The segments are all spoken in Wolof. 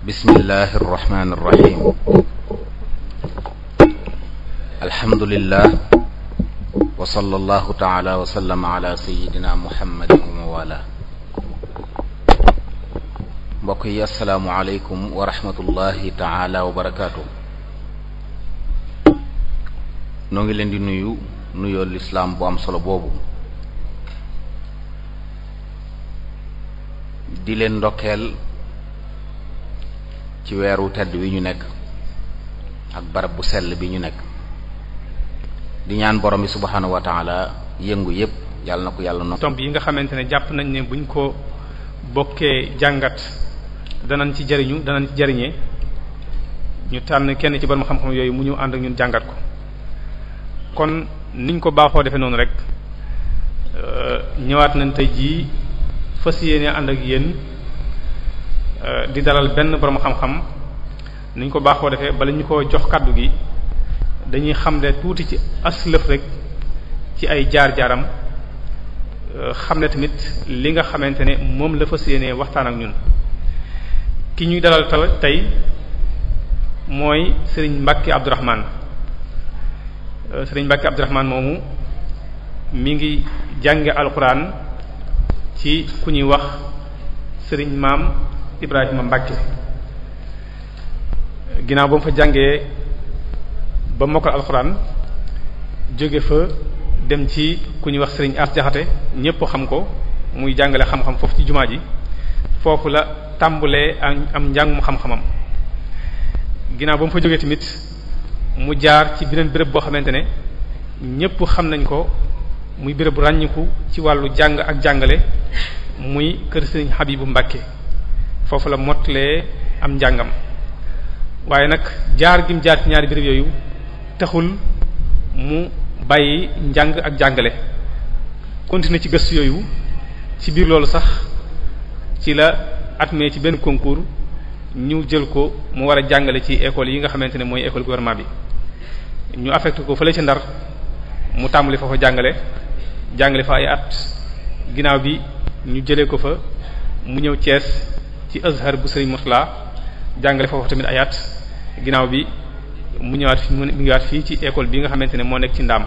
bismillahi irrahmani irrahim alhamdulillah wa sallallahu taala wa sallama ala sayidina muhammadin wa mawala mbokk yi asalaamu aleykum wa rahmatullahi taala wa barakaatu noo ngi leen di nuyu nuyoo lislaam bu am solo boobu di leen ndokkeel ci weeru tedd wi ñu nekk ak barab bu sell bi ñu nekk di ñaan borom bi subhaanahu wa taala yëngu yépp yàlla na ko yàlla no tomb yi nga xamante ne jàpp nañ ne buñ ko bokkee jàngat danañ ci jariñu danañ ci jariñee ñu tànn kenn ci borom xam-xam yooyu mu ñu ànd ak ñun jàngat ko kon niñ ko baaxoo defe noonu rek euh, ñëwaat nañ tey jii fas yéene ànd ak yéen Euh, di dalal benn borom xam-xam ni ñu ko baaxoo defee bala ñu ko jox kàddu gi dañuy xamle tuuti ci aslëf rek ci ay jaar-jaaram euh, xam ne tamit li nga xamante ne moom la fas yéenee waxtaan ak ñun ki ñuy dalal tal tey mooy sëriñ Mbacke Abdourahmane euh, sëriñ Mbacke Abdourahmane moomu mi ngi jànge alxuraan ci ku ñuy wax sëriñ maam Ibrahima Mbacke ginnaaw ba mu fa jàngee ba mokkal alxuraan jóge fa dem ci ku ñuy wax sëriñ as jaxate ñépp xam ko muy jàngale xam-xam foofu ci jumaa ji foofu la tàmbulee am njàngum xam-xamam ginaaw ba mu fa jógee tamit mu jaar ci beneen béréb boo xamante ne ñépp xam nañ ko muy béréb bu ràññiku ci wàllu jàng ak jàngale muy kër sëriñ Habibu Mbacke foofu la mottalee am njàngam waaye nag jaar gim jaar ci ñaari béréb yooyu taxul mu bàyyi njàng ak jàngale continuer ci gëstu yooyu ci biir loolu sax ci la at admis ci benn concours ñu jël ko mu war a jàngale ci école yi nga xamante ne mooy école gouvernement bi ñu affecté ko fële ci Ndar mu tàmbali fa jàngale jàngale fa ay at ginnaaw bi ñu jëlee ko fa mu ñëw cees ci azhar bu sëriñ Murtala jàngale foofu tamit ayaat ginnaaw bi mu ñëwaat fi mu ñëwaat fii ci école bi nga xamante ne moo nekk ci ndaam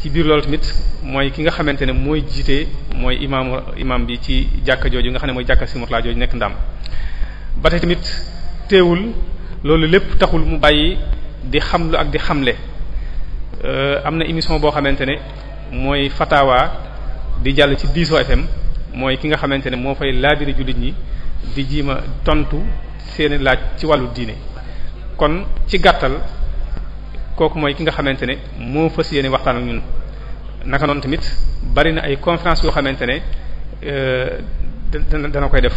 ci biir loolu tamit mooy ki nga xamante ne mooy jiite mooy imam imam bi ci jàkka jooju nga xam ne mooy jàkka si Murtala jooju nekk ndaam ba tey tamit teewul loolu lépp taxul mu bàyyi di xamlu ak di xamle am na émission boo xamante ne mooy Fatawa di jàll ci Diso FM. mooy ki nga xamante ne moo fay laabiri jullit ñi di jiima tontu seeni laaj ci wàllu diine kon ci gàttal kooku mooy ki nga xamante ne moo fas yéene waxtaan ak naka noonu tamit bari na ay conférence yoo xamante ne euh, dana dana koy def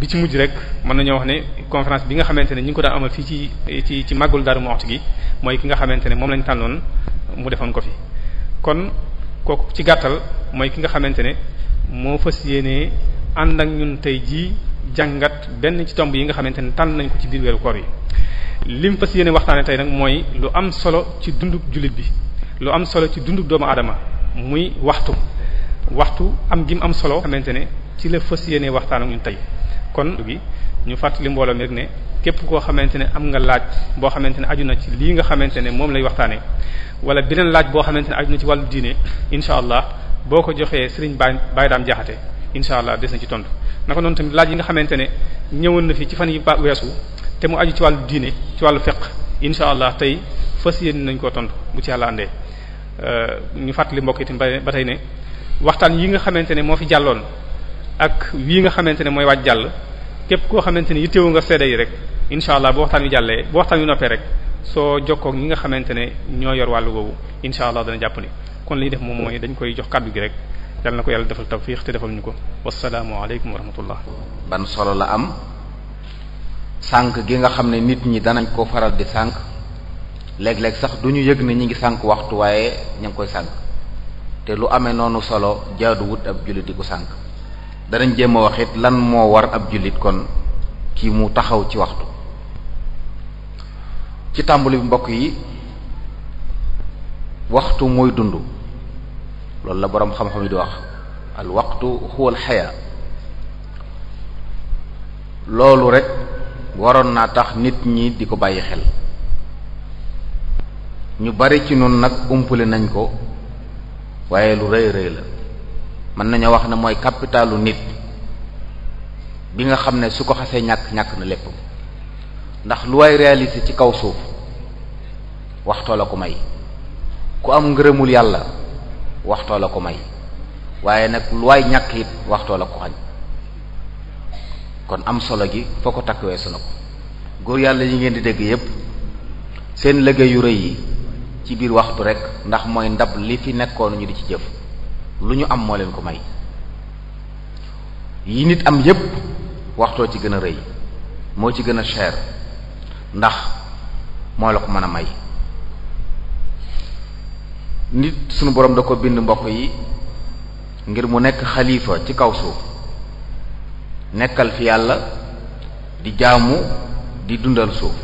bi ci mujj rek mën nañoo wax ne conférence bi nga xamante ne ñu ngi ko daan amal fii ci ci ci màggul Darou Moukhty gi mooy ki nga xamante ne moom lañ tànnoon mu defoon ko fi kon kooku ci gàttal mooy ki nga xamante ne moo fës yéenee ànd ak ñun tey jii jàngat benn ci tomb yi nga xamante ne tànn nañ ko ci biir koor yi lim fës yéene waxtaane tey nag mooy lu am solo ci dundub jullit bi lu am solo ci dundub doomu aadama muy waxtu waxtu am gi mu am solo xamante ne ci la fas yéene waxtaan ak ñun tey kon ñu fàttali mbooloo mi rek ne képp koo xamante ne am nga laaj boo xamante ne aju na ci lii nga xamante ne moom lay waxtaane wala beneen laaj boo xamante ne aju na ci wàllu diine incha allah boo ko joxee sëriñ Baye Baye Dame Diakhaté incha allah des na ci tontu naka noonu tamit laaj yi nga xamante ne ñëwoon na fi ci fan yi ba weesu te mu aju ci wàllu diine ci wàllu fiqh incha allah tey fas yéene nañ koo tontu bu ci yàlla àndee euh, ñu fàttali mbokk itam ba tey ne waxtaan yi nga xamante ne moo fi jàlloon ak wii nga xamante ne mooy waaj jàll képp koo xamante ne yittewu nga seede yi rek incha allah boo waxtaan wi jàllee boo waxtaan wi noppee rek. soo jokkoog ñi nga xamante ne ñoo yor wàllu boobu incha allah dana jàpp ni kon li def moom mooy dañ koy jox kàddu gi rek yal na ko yàlla defal tawfiq te defal ñu ko wasalaamualeykum wa rahmatullah ban solo la am sànq gi nga xam ne nit ñi danañ ko faral di sànq léeg-léeg sax du ñu yëg ne ñu ngi sànq waxtu waaye ña ngi koy sànq te lu amee noonu solo jaaduwut ab jullit di ko sànq danañ jéem a wax lan moo war ab jullit kon kii mu taxaw ci waxtu ci tàmbali bi mbokk yi waxtu mooy dund loolu la boroom xam-xam yi di wax al waxtu huwa al loolu rekk waroon naa tax nit ñi di ko bàyyi xel ñu bari ci noonu nag umpale nañ ko waaye lu rëy rëy la mën nañoo wax ne mooy capitalu nit bi nga xam ne su ko xasee ñàkk ñàkk na lépp ndax lu waay réaliser ci kaw suuf waxtoo la ko may ku am ngërëmul yàlla waxtoo la ko may waaye nag lu waay ñàkk it waxtoo la ko xañ kon am solo gi foo ko takk weesu na ko góor yàlla yi ngeen di dégg yépp seen liggéey yu rëy yi ci biir waxtu rekk ndax mooy ndab li fi nekkoon ñu di ci jëf lu ñu am moo leen ko may yi nit am yépp waxtoo ci gën a rëy moo ci gën a cher ndax moo la ko mën a may nit sunu borom da ko bind mbokk yi ngir mu nekk xalifa ci kaw suuf nekkal fi yàlla di jaamu di dundal suuf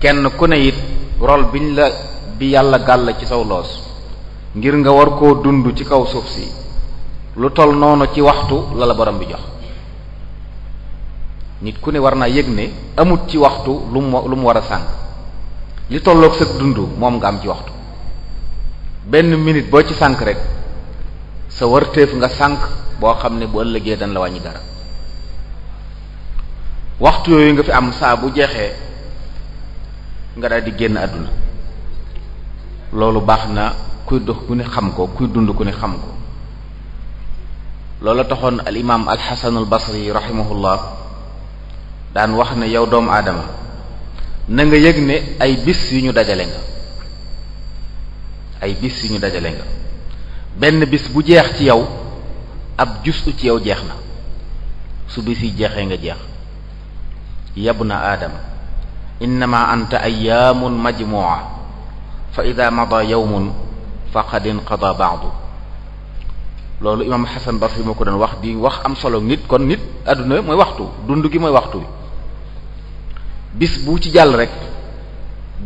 kenn ku ne it rol biñ la bi yàlla gàll ci saw loos ngir nga war koo dund ci kaw suuf si lu tol noonu ci waxtu la la borom bi jox nit ku ne war naa yëg ne amut ci waxtu lu mu war a sànq li tolloog sa dund moom nga am ci waxtu benn minit boo ci sànq rek sa warteef nga sànq boo xam ne bu ëllëgee dañ la wàññi dara waxtu yooyu nga fi am saa bu jeexee nga daal di génn àdduna loolu baax na kuy dox ku ne xam ko kuy dund ku ne xam ko loolu loola taxoon al imaam al xasanul basri rahimahullah daan wax ne yow doomu aadama na nga yëg ne ay bis yu ñu dajale nga ay bis yu ñu dajale nga benn bis bu jeex ci yow ab justu ci yow jeex na su bis yi jeexee nga jeex na aadama innama anta ayyaamun majmu'a fa ida mada yawmun faqad inqada ba'du loolu imaam Xasan Basri ma ko doon wax di wax am solo nit kon nit àdduna mooy waxtu dund gi mooy waxtu bi bis bu ci jàll rek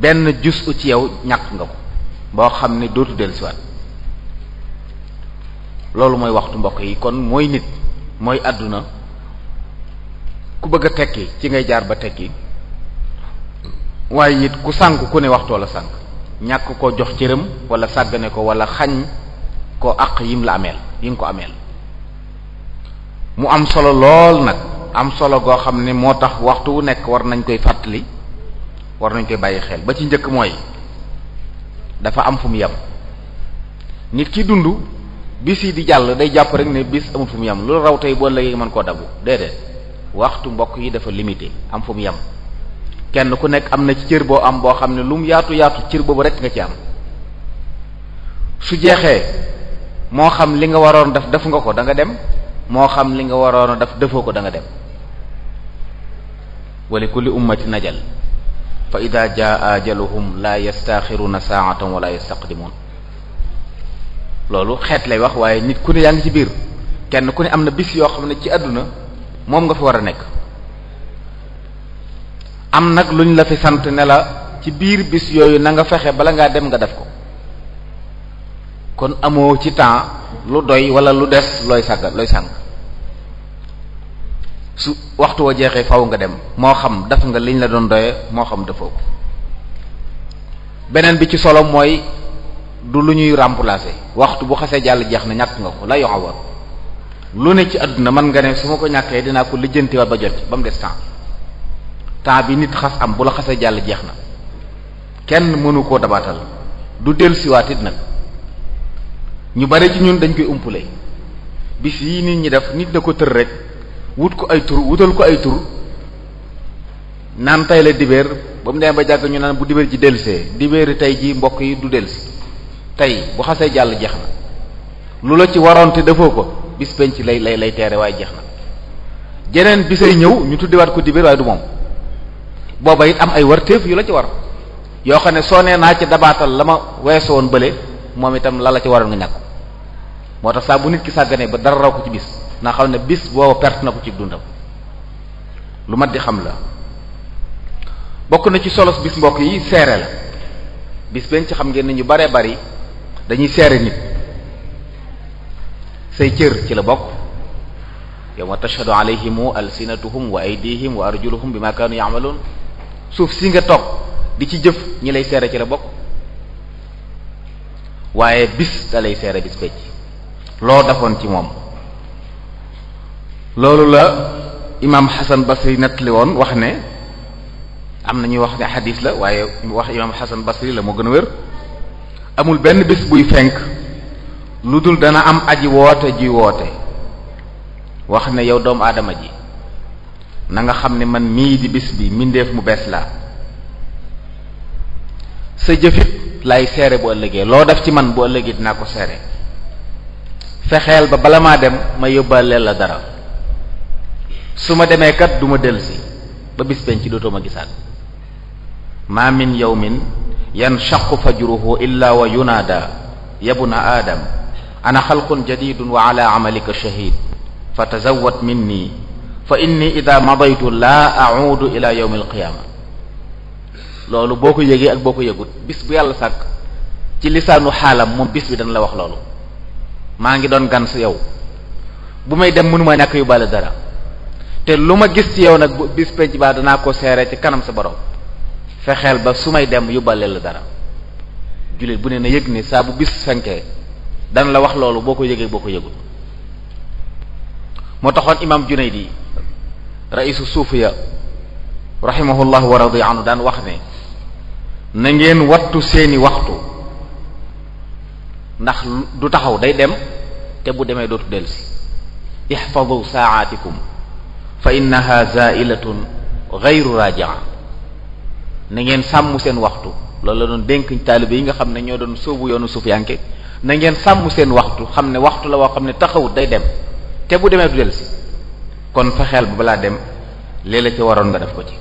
benn jus u ci yow ñàkk nga ko boo xam ne dootu siwaat loolu mooy waxtu mbokk yi kon mooy nit mooy àdduna ku bëgg a tekki ci ngay jaar ba tekki waaye it ku sànk ku ne waxtoo la sànk ñàkk koo jox cëram wala sàggane ko wala xañ ko àq yim la ameel yi ko ameel mu am solo lool nag am solo goo xam ne moo tax waxtu wu nekk war nañ koy fàttali war nañ koy bàyyi xel ba ci njëkk mooy dafa am fu mu yem nit ki dund bis yi di jàll day jàpp rek ne bis amul fu mu yem loolu raw tey boo léegi mën koo dabu déedéet waxtu mbokk yi dafa limité am fu mu yem kenn ku nekk am na ci cër boo am boo xam ne lu mu yaatu yaatu cër boobu rek nga ci am su jeexee moo xam li nga waroon def def nga ko danga dem moo xam li nga waroon a def defoo ko da nga dem wa li kulli ummati najal fa ida jaa ajaluhum la yastaxiruna saatan wala yastaqdimun loolu xeet lay wax waaye nit ku ne yaa ngi ci biir kenn ku ne am na bis yoo xam ne ci àdduna moom nga fi war a nekk am nag luñ la fi sant nela ci biir bis yooyu na nga fexe bala ngaa dem nga def ko kon amoo ci temps lu doy wala lu des looy sàgg looy sànq su waxtu wa jeexee faw nga dem moo xam def nga liñ la doon doye moo xam defoo ko beneen bi ci solo mooy du lu ñuy remplacer waxtu bu xasee jàll jeex na ñàkk nga ko la yoxawoon lu ne ci àdduna mën nga ne su ma ko ñàkkee dinaa ko lijjantiwaat ba jot ba mu des temps temps bi nit xas am bu la xasee jàll jeex na kenn mënu koo dabaatal du dellusiwaatit nag ñu bari ci ñun dañ koy umpule bis yi nit ñi def nit da ko tër rek wut ko ay tur wutal ko ay tur naan tey la dibeer ba mu demee ba jàgg ñu naan bu dibeer ji delsee dibeeri tey ji mbokk yi du si tey bu xasee jàll jeex na lu la ci waroon te defoo ko bis penc lay lay lay teere waaye jeex na jeneen bisay ñëw ñu tuddiwaat ko dibeer waaye du moom booba it am ay warteef yu la ci war yoo xam ne soo nee naa ci dabaatal la ma weesu woon bële moom itam la la ci waroon nga ñàkk moo tax saa bu nit ki sàgganee ba dara raw ko ci bis naa xam ne bis boobu perte na ko ci dundam lu mat di xam la bokk na ci solos bis mbokk yi seere la bis benn ci xam ngeen ne ñu baree bari dañuy seere nit say cër ci la bokk yawma tashhadu alayhimu alsinatuhum wa aydihim wa arjuluhum bima kanu ya'malun suuf si nga toog di ci jëf ñi lay seere ci la bokk waaye bis da lay seere bis becc loo defoon ci moom loolu la imaam Xasan Basri nettali woon wax ne am na ñuy wax ne xadiis la waaye wax imaam Xasan Basri la moo gën a wér amul benn bis buy fenk lu dul dana am aji woote ji woote wax ne yow doomu aadama ji na nga xam ne man mii di bis bi mbindeef mu bees la sa jëfit lay seere bu ëllëgee loo def ci man bu ëllëgee dinaa ko seere fexeel ba bala maa dem ma yóbbaaleel la dara su ma demee kat duma ma dellusi ba bis benn ci dootoo ma gisaat ma min yawmin yanshaqu fajruhu illa wa yunaada yabna aadam ana xalqun jadidun wa ala amalika shahid fa tazawwad minni fa inni ida madaytu laa a'udu ila yawm alqiyaama loolu boo ko yëgee ak boo ko yëgut bis bu yàlla sàkk ci lisaanu xaalam moom bis bi dana la wax loolu maa ngi doon gan si yow bu may dem mënuma ñàkk yóbbaale dara te lu ma gis ci yow nag bis penc danaa ko seere ci kanam sa borom fexeel ba su may dem yóbbaale la dara jullit bu ne na yëg ni saa bu bis fenkee dana la wax loolu boo ko yëgee boo ko yëgul moo taxoon imaam Junaydi raisu suufiya rahimahullah wa radi anhu daan wax ne na ngeen wattu seeni waxtu ndax du taxaw day dem te bu demee dootu dellusi ihfadu saa'atikum fa innaha za'ilatun ghayru raji'a na ngeen sàmm seen waxtu loolu la doon dénk taalibe yi nga xam ne ñoo doon sóobu yoonu suufiyanke na ngeen sàmm seen waxtu xam ne waxtu la woo xam ne taxawut day dem te bu demee du dellusi kon fexeel ba balaa dem léeg la ci waroon nga def ko ci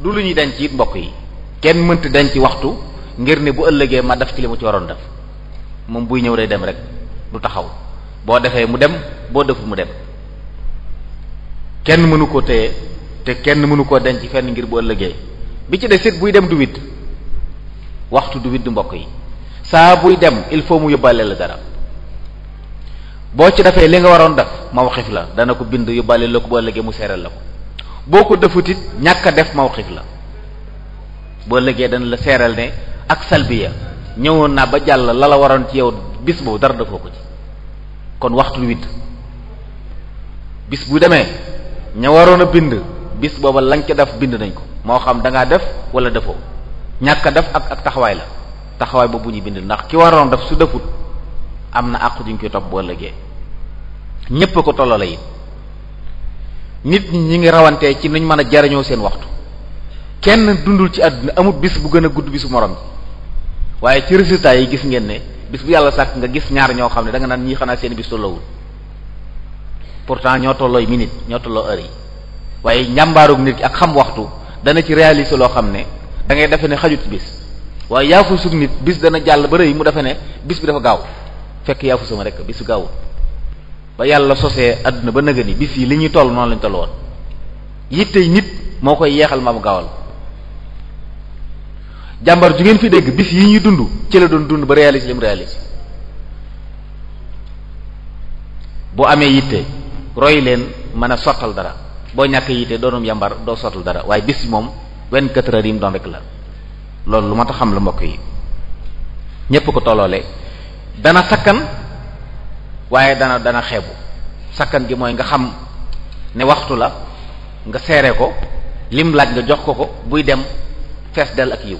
du lu ñuy denc it mbokk yi kenn mënt dañ ci waxtu ngir ne bu ëllëgee ma def ci li mu ci waroon def moom buy ñëw day dem rek du taxaw boo defee mu dem boo deful mu dem kenn mënu ko téye te kenn mënu koo denc fenn ngir boo ëllëgee bi ci des it buy dem du witt waxtu du witt du mbokk yi saa buy dem il faut mu yóbbaale la dara boo ci defee li nga waroon def mawxif la dana ko bind yóbbaale la ko bu ëllëgee mu seeral la ko boo ko defut it ñàkk a def mawxif la boo ëllëgee dana la seeral ne ak salbiya ñëwoon naa ba jàll la la waroon ci yow bis boobu dara defoo ko ci kon waxtu witt bis bu demee ña waroon a bind bis booba lañ ca def bind nañ ko moo xam da def wala defoo ñàkk a def ak ak taxawaay la taxawaay boobu ñuy bind ndax ki waroon def su defut am na àqu ju ñu koy topp boo lëggee ñépp a ko tolloo la it nit ñi ñi ngi rawantee ci nuñ mën a jariñoo seen waxtu kenn dundul ci àdduna amul bis bu gën a gudd bisu morom waaye ci résultat yi gis ngeen ne bis bu yàlla sàkk nga gis ñaar ñoo xam ne danga naan ñii xanaa seen bis tolloowul pourtant ñoo tollooy minute ñoo tolloo heure yi waaye njàmbaarug nit ki ak xam waxtu dana ci réaliser loo xam ne dangay defe ne xajut bis waaye yaafu sug nit bis dana jàll ba rëy mu defe ne bis bi dafa gaaw fekk yaafu sama rek bis bi gaawul ba yàlla sosee àdduna ba nëgëni bis yi li ñuy toll noonu lañ toll woon yittey nit moo koy yeexal maamu gaawal jàmbar ju ngeen fi dégg bis yi ñuy dund ci la doon dund ba réaliser li mu boo amee yitte roy leen mën a sottal dara boo ñàkk yitte doonum yàmbar doo sottal dara waaye bis moom wenn quatre heures yi mu doon rek la loolu lu ma tax xam la mbokk yi ñépp ko tolloole dana sakkan waaye dana dana xeebu sakkan gi mooy nga xam ne waxtu la nga seere ko lim laaj nga jox ko ko buy dem fees dell ak yiw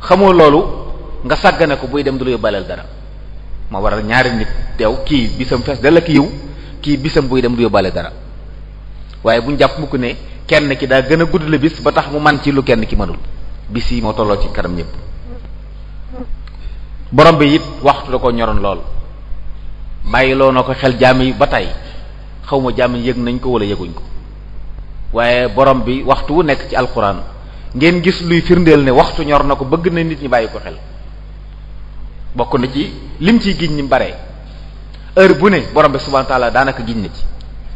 xamoo loolu nga sàggane ko buy dem du la yóbbaaleel dara ma waral ñaari nit teew kii bisam fees dal ak kii bisam buy dem du yóbbaale dara waaye bu ñu mukk ne kenn ki daa gën a gudd la ba tax mu man ci lu kenn ki mënul bis yi moo tolloo ci kanam ñëpp borom bi it waxtu da ko ñoroon lool bàyyiloo na ko xel jàmm yi ba tey xaw ma jaam yi yëg nañ ko wala yëguñ ko waaye borom bi waxtu wu nekk ci alquran ngeen gis luy firndeel ne waxtu ñor na ko bëgg na nit ñi bàyyi ko xel bokk na ci lim ciy giñ ñi bare heure bu ne borom bi subhanahu wa ta'ala daanaka giñ na ci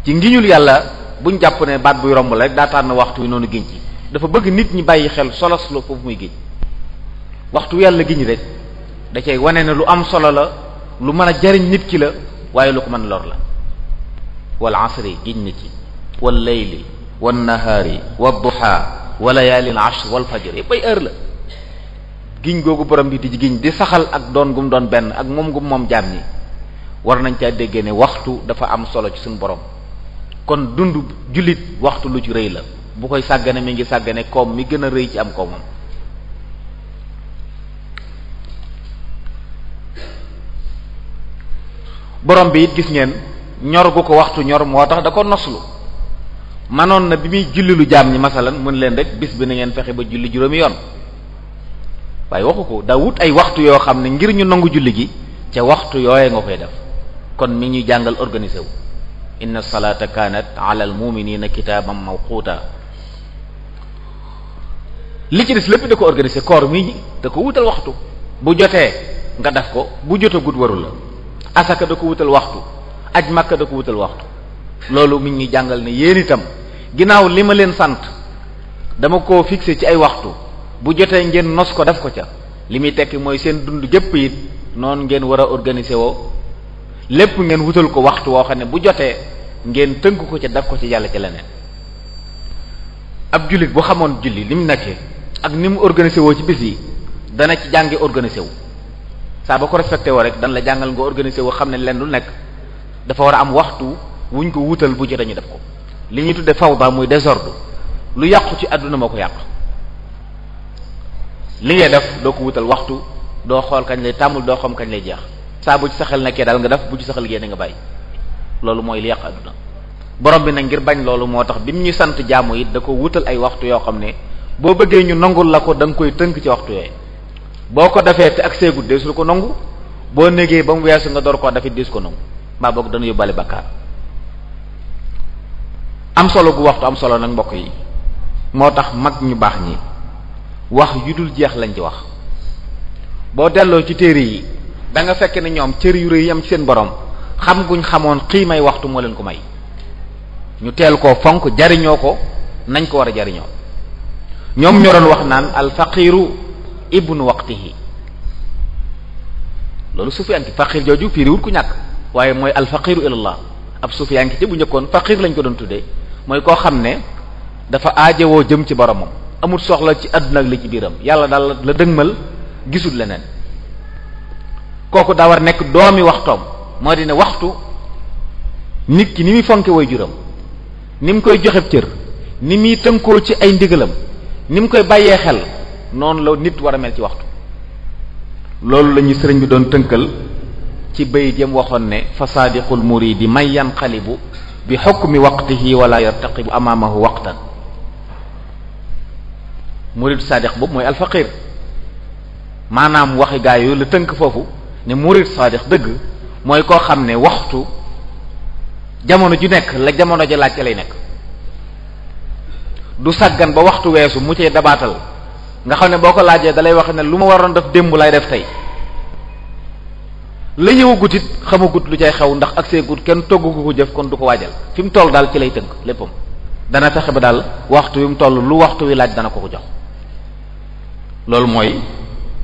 ci ngiñul yàlla buñ jàpp ne baat buy romb la rek daa tànn waxtu wi noonu giñ ci dafa bëgg nit ñi bàyyi xel solo solo foofu muy giñ waxtu yàlla giñ rek da cay wane na lu am solo la lu mën a jariñ nit ki la waaye lu ko mën lor la wal asri giñ na ci wal layli wan nahaari wad duha wala yaalin ashr wal fajr yëpp ay heure la giñ googu borom bi di ci giñ di saxal ak doon gum doon benn ak moom gum moom jaam ñi war nañ caa déggee ne waxtu dafa am solo ci suñu borom kon dund jullit waxtu lu ci rëy la bu koy sàggane mi ngi sàggane koom mi gën a rëy ci am koomam borom bi it gis ngeen ñor gu ko waxtu ñor moo tax da ko noslu manoon na bi muy julli lu jaam ñi masalan mën leen rek bis bi na ngeen fexe ba julli juróomi yoon waaye waxu ko daa wut ay waxtu yoo xam ne ngir ñu nangu julli gi ca waxtu yooye nga koy def kon mi ñuy jàngal organisé wu inna salata kanat ala al muminina kitaban mawquta li ci des lépp da ko organisé koor mi da ko wutal waxtu bu jotee nga def ko bu jotagut warul la asaka da ko wutal waxtu aj makka da ko wutal waxtu loolu mi ngi jàngal ne yéen itam ginnaaw li ma leen sant dama ko fixé ci ay waxtu bu jotee ngeen nos ko def ko ca li muy tekki mooy seen dund gépp it noonu ngeen war a organiser woo lépp ngeen wutal ko waxtu woo xam ne bu jotee ngeen tënk ko ca def ko ci yàlla ci leneen ab jullit bu xamoon julli li mu nekkee ak ni mu organiser woo ci bis yi dana ci jàngi organiser wu saa ba ko respecté woo rek dana la jàngal nga organiser woo xam ne leen lu nekk dafa war a am waxtu wuñ ko wutal bu jotee ñu def ko li ñuy tudde fawda muy désordre lu yàqu ci àdduna moo ko yàq li ngay def doo ko wutal waxtu doo xool kañ lay tàmmul doo xam kañ lay jeex saa bu ci saxal nekkee daal nga def bu ci saxal génne nga bàyyi loolu mooy li yàq àdduna borom bi nag ngir bañ loolu moo tax bi nu ñuy sant jaamu it da ko wutal ay waxtu yoo xam ne boo bëggee ñu nangul la ko da nga koy tënk ci waxtu we boo ko defee te ak seegut deesul ko nangu boo négee ba mu weesu nga door koo dafit deesu ko nangu mbaa boog dana yóbbaale bakkaar am solo gu waxtu am solo nag mbokk yi moo tax mag ñu baax ñi wax yu dul jeex lañ ci wax boo delloo ci téere yi danga nga fekk ne ñoom cër yu rëy yam ci seen boroom xam guñ xamoon xiimay waxtu moo leen ko may ñu teel ko fonk jariñoo ko nañ ko war a jariñoo ñoom ñoo doon wax naan alfaqiru ibnu waqtihi loolu sufiyaan ki faqir jooju firiwul ku ñàkk waaye mooy alfaqiru ilallah ab sufiyaan ki ci bu njëkkoon faqir lañ ko doon tuddee mooy koo xam ne dafa aaja woo jëm ci boromam amul soxla ci àdduna ak li ci biiram yàlla daal la dëgmal gisul leneen kooku daa war nekk doomi waxtoom moo di ne waxtu nit ki ni muy fonke woy juram ni mu koy joxe cër ni muy tënkoo ci ay ndigalam ni mu koy bàyyee xel noonu la nit war a ci waxtu loolu lañuy ñuy sëriñ bi doon tënkal ci bayit jëm waxoon ne fa saadiqul di may yanqalibu bi xokk mi xukmi waqtihi wala yartaqibu amaamahu waqtan murid saadiq boobu mooy alfaqir maanaam waxi gaa la tënk foofu ne murid saadiq dëgg mooy koo xam ne waxtu jamono ju nekk la jamono ja laaj ca lay nekk du sàggan ba waxtu weesu mu cee dabaatal nga xam ne boo ko laajee dalay wax ne lu ma waroon def démb lay def tey la ñëwagut it xamagut lu cay xew ndax ak seegut kenn toggagu ko jëf kon du ko waajal fi mu toll daal ci lay tënk léppam dana fexe ba daal waxtu wi mu toll lu waxtu wi laaj dana ko ko jox loolu mooy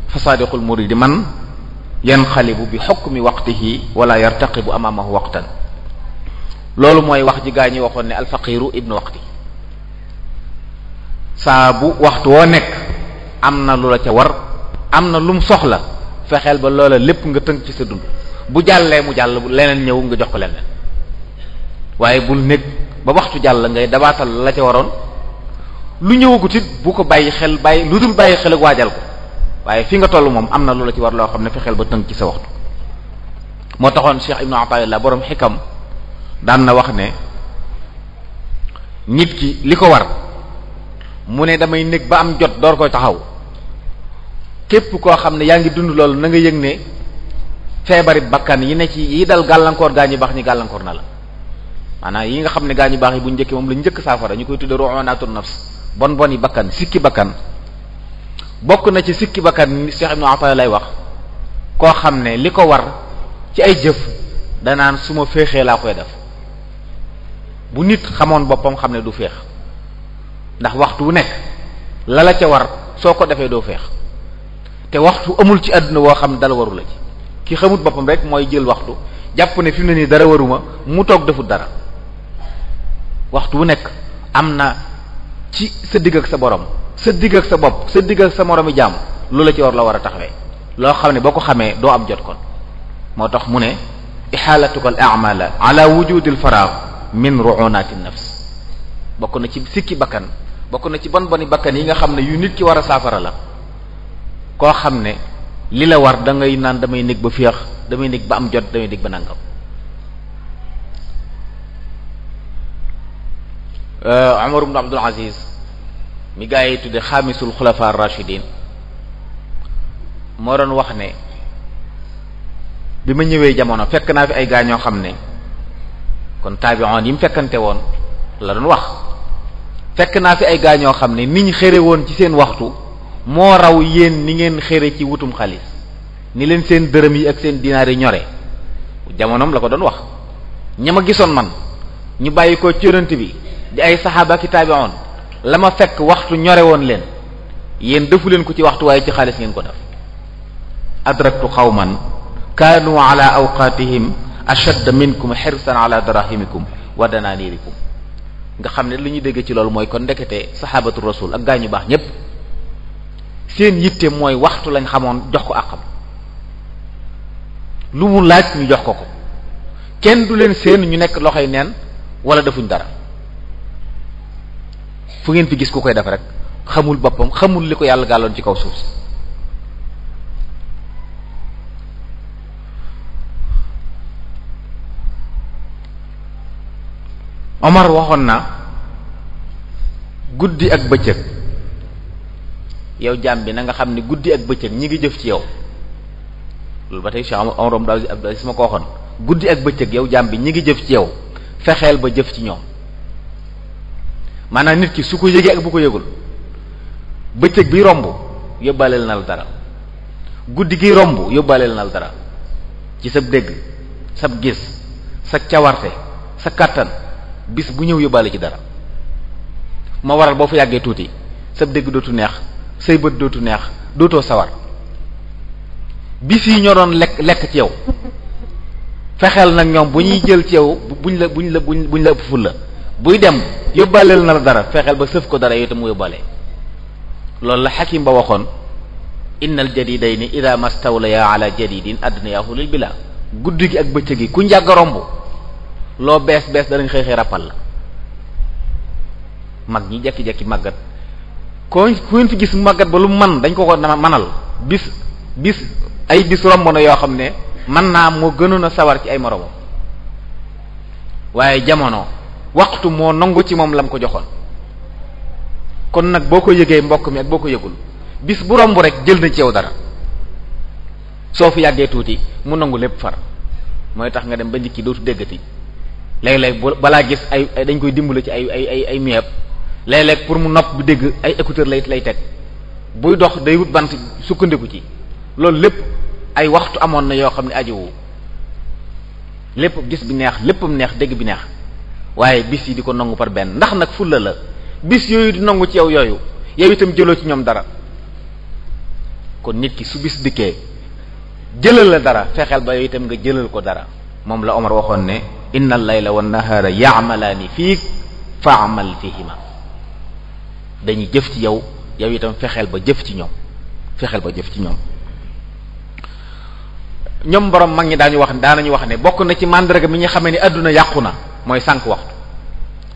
fasaadixul muridi man yanqalibu bi hukmi waqtihi wala yartaqibu amaamahu waqtan loolu mooy wax ji gaa ñi waxoon ne alfaqiru ibnu waqti saa bu waxtu woo nekk am na lu la ca war am na lum soxla fexeel ba loola lépp nga tënk ci sa dund bu jàllee mu jàll leneen ñëw nga jox ko leneen waaye bul nekk ba waxtu jàll ngay dabaatal la ca waroon lu ñëwagut it bu ko bàyyi xel bàyyi lu dul bàyyi xel waajal ko waaye fi nga toll moom am na loola ci war loo xam ne fexeel ba tënk ci sa waxtu moo taxoon Cheikh Ibnu Atayillah borom xikam daan na wax ne nit ki li ko war mu ne damay néeg ba am jot door koy taxaw képp koo xam ne yaa ngi dund loolu na nga yëg ne feebari bakkan yi ne ci yi dal gàllankoor gaa ñu baax ñi gàllankoor na la maanaam yi nga xam ne gaa ñu baax yi bu njëkkee moom la njëkk saafara ñu koy a ru'unaatu nafs bon bon yi bakkan sikki bakkan bokk na ci sikki bakkan Cheikh Ibn Ataya lay wax koo xam ne li ko war ci ay jëf danaan su ma féexee laa koy def bu nit xamoon boppam xam ne du feex ndax waxtu wu nekk la la ca war soo ko defee doo féex te waxtu amul ci àdduna woo xam dara waru la ci ki xamut boppam rek mooy jël waxtu jàpp ne fi mu ne nii dara waruma mu toog deful dara waxtu wu nekk am na ci sa digg ak sa borom sa digg ak sa bopp sa digg ak sa moromi jàmm loolu la ci war la war a taxawee loo xam ne boo ko xamee doo am jot kon moo tax mu ne ixaalatuka al amala ala wujudil faraag min ruunati nafs bokk na ci sikki bakkan bokk na ci bon boni bakkan yi nga xam ne yu nit ki war a saafara la koo xam ne li la war dangay naan damay nekk ba féex damay nekk ba am jot damay nekk ba nangam Umar euh, ibn Abdul Aziz mi gaa yi tudde xaamisul xulafaa rashidin moo doon wax ne bi ma ñëwee jamono fekk naa fi ay gaa ñoo xam ne kon taabi'oon yi mu fekkante woon la doon wax fekk naa fi ay gaa ñoo xam ne niñ xëre woon ci seen waxtu moo raw yéen ni ngeen xëre ci wutum xaalis ni leen seen dërëm yi ak seen dinaar yi ñore jamonoom la ko doon wax ña ma gisoon man ñu bàyyi ko ci bi di ay saxaaba ki taabi'oon la ma fekk waxtu ñore woon leen yéen defu leen ko ci waxtu waaye ci xaalis ngeen ko def adraktu qawman kaanu ala awqatihim ashadda minkum hirsan ala darahimikum wa dananirikum nga xam ne li ñu dégg ci loolu mooy kon ndekete saxaabatu rasul ak gaa ñu baax ñépp seen yitte mooy waxtu lañ xamoon jox ko àqam lu mu laaj ñu jox ko ko kenn du leen seen ñu nekk loxoy neen wala defuñ dara fu ngeen fi gis ku koy def rek xamul boppam xamul li ko yàlla gàlloon ci kaw suuf si Omar waxoon na guddi ak bëccëg yow jaam bi na nga xam ne guddi ak bëccëg ñi ngi jëf ci yow loolu ba tey Cheikh Omar Abdou Aziz ma ko waxoon guddi ak bëccëg yow jaam bi ñi ngi jëf ci yow fexeel ba jëf ci ñoom maanaam nit ki su ko yëgee ak bu ko yëgul bëccëg bi romb yóbbaaleel na la dara guddi gi romb yóbbaaleel na la dara ci sab dégg sab gis sa cawarte sa kàttan bis bu ñëw yóbbaale ci dara ma waral boo fa yàggee tuuti sab dégg dootu neex say bët dootu neex dootoo sawar bis yi ñoo doon lekk lekk ci yow fexeel nag ñoom bu ñuy jël ci yow buñ la buñ la buñ buñ la ëpp ful buy dem yóbbaaleel na la dara fexeel ba sëf ko dara yow itam mu yóbbaale loolu la xakim ba waxoon innal jadidayni ida mastawlaya ala jadidin adnayahu lil bila guddi gi ak bëccëg gi ku njàgg romb loo bees bees danañ xëy xëy rappal la mag ñi jekki-jekki màggat ko ku ngeen fi gis màggat ba lu man dañ ko ko manal bis bis ay bis romb na yoo xam ne man naa moo gënoon a sawar ci ay moromam waaye jamono waxtu moo nangu ci moom lam ko joxoon kon nag boo ko yëgee mbokk mi ak boo ko yëgul bis bu romb rek jël na ci yow dara soo fi yàggee tuuti mu nangu lépp far mooy tax nga dem ba njikki dootu déggati léeg-léeg balaa gis ay dañ koy dimbali ci ay ay ay ay léeg-léeg pour mu nopp bu dégg ay écouteur lay lay teg buy dox day wut bant sukkandiku ci loolu lépp ay waxtu amoon na yoo xam ne ajowu lépp gis bi neex léppam neex dégg bi neex waaye bis yi di ko nangu par benn ndax nag fulla la bis yooyu di nangu ci yow yooyu yow itam jëloo ci ñoom dara kon nit ki su bis dikkee jëlal la dara fexeel ba yow itam nga jëlal ko dara moom la Omar waxoon ne inna lay la innal layla wan nahaara ya'malani fiik fa'mal fihima dañuy jëf ci yow yow itam fexeel ba jëf ci ñoom fexeel ba jëf ci ñoom ñoom borom mag ñi daañu wax daanañu wax ne bokk na ci màndarga mi ñu xamee ni àdduna yàqu na mooy sànq waxtu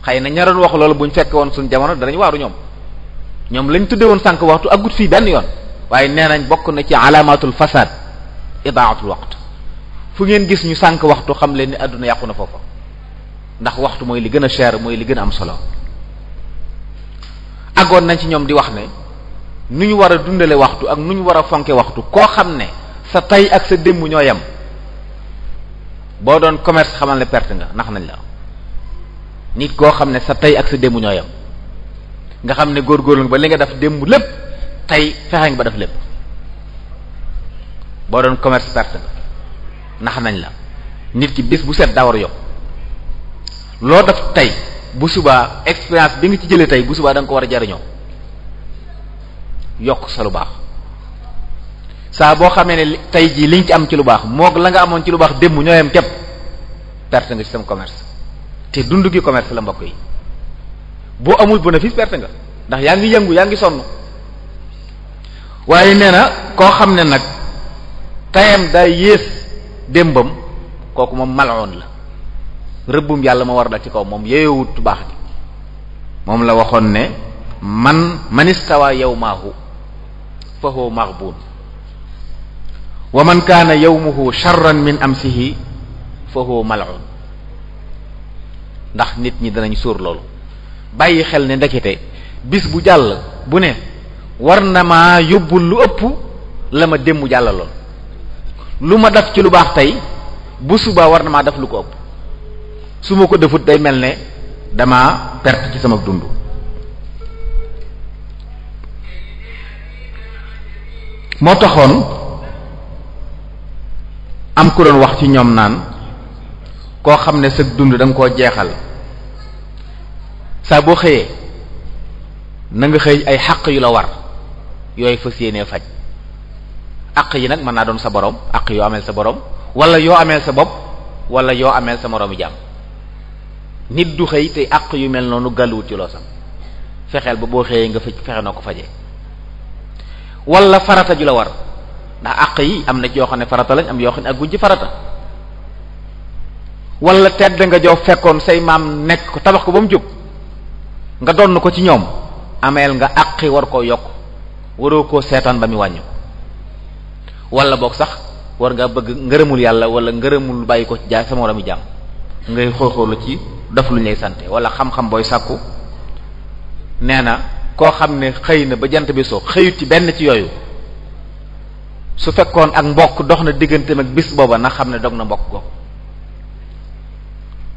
xëy na ña doon wax loolu bu ñu fekk woon suñu jamono danañ waaru ñoom ñoom lañu tuddee woon sànq waxtu agut fii benn yoon waaye nee nañ bokk na ci alaamatul fasad idaatul waxtu fu ngeen gis ñu sànq waxtu xam leen ni àdduna yàqu na foofa ndax waxtu mooy li gën a cher mooy li gën a am solo àggoon nañ ci ñoom di wax ne nu ñu war a dundale waxtu ak nu ñu war a fonke waxtu koo xam ne sa tey ak sa démb ñoo yem boo doon commerce xamal ne perte nga nax nañ la nit koo xam ne sa tay ak sa ñoo yem nga xam ne góorgóorlu ba li nga def démb lépp tey fexe ba def lépp boo doon commerce perte nga nañ la nit ki bés bu set daa war a yokk loo def tey bu subaa expérience bi nga ci jëlee tey bu subaa da nga ko war a jariñoo yokk sa lu baax saa boo xamee ne tey jii liñ ci am ci lu baax moog la nga amoon ci lu baax démb ñooyam képp perte nga ci sam commerce te dund gi commerce la mbokk yi boo amul bénéfice perte nga ndax yaa ngi yëngu yaa ngi sonn waaye nee na koo xam ne nag tayam day yées démbam kooku moom maloon la rëbbum yàlla ma war la ci kaw moom yeewut baax gi moom la waxoon ne man manistawa yawmahu fa huwa maghbun wa man kaana yawmuhu sharran min amsihi fa huwa mal'un ndax nit ñi danañ suur loolu bàyyi xel ne ndekete bis bu jàll bu ne war na maa yóbbul lu ëpp la ma démb jàllaloon lu ma def ci lu baax tey bu subaa war na maa def lu ko ëpp su ma ko defut day mel ne dama perte ci sama dund moo taxoon am ku doon wax ci ñoom naan koo xam ne sag dund da koo jeexal saa boo xëyee na nga xëy ay xàq yu la war yooyu fas yéenee faj àq yi nag mën naa doon sa borom àq yoo ameel sa borom wala yoo ameel sa bopp wala yoo ameel sa moroomi jàmm nit du xëy te àq yu mel noonu gàlluwut ci loosam fexeel ba boo xëyee nga fexe noo ko fajee wala farata ju la war ndax àq yi am na ci yoo xam ne farata lañ am yoo xam ne ak guñ ci farata wala tedd nga joo fekkoon say maam nekk ko tabax ko ba mu jóg nga donn ko ci ñoom ameel nga àqi war koo yokk waroo koo seetaan ba muy wàññu walla boog sax war nga bëgg ngërëmul yàlla wala ngërëmul bàyyi ko ci jaay sama war a mi jàmm ngay xóor-xóorlu ci daf lu ñuy sante wala xam-xam booy sàkku nee na koo xam ne xëy na ba jant bi soo xëyut ci benn ci yooyu su fekkoon ak mbokk dox na diggante ak bis booba na xam ne dog na mbokk googu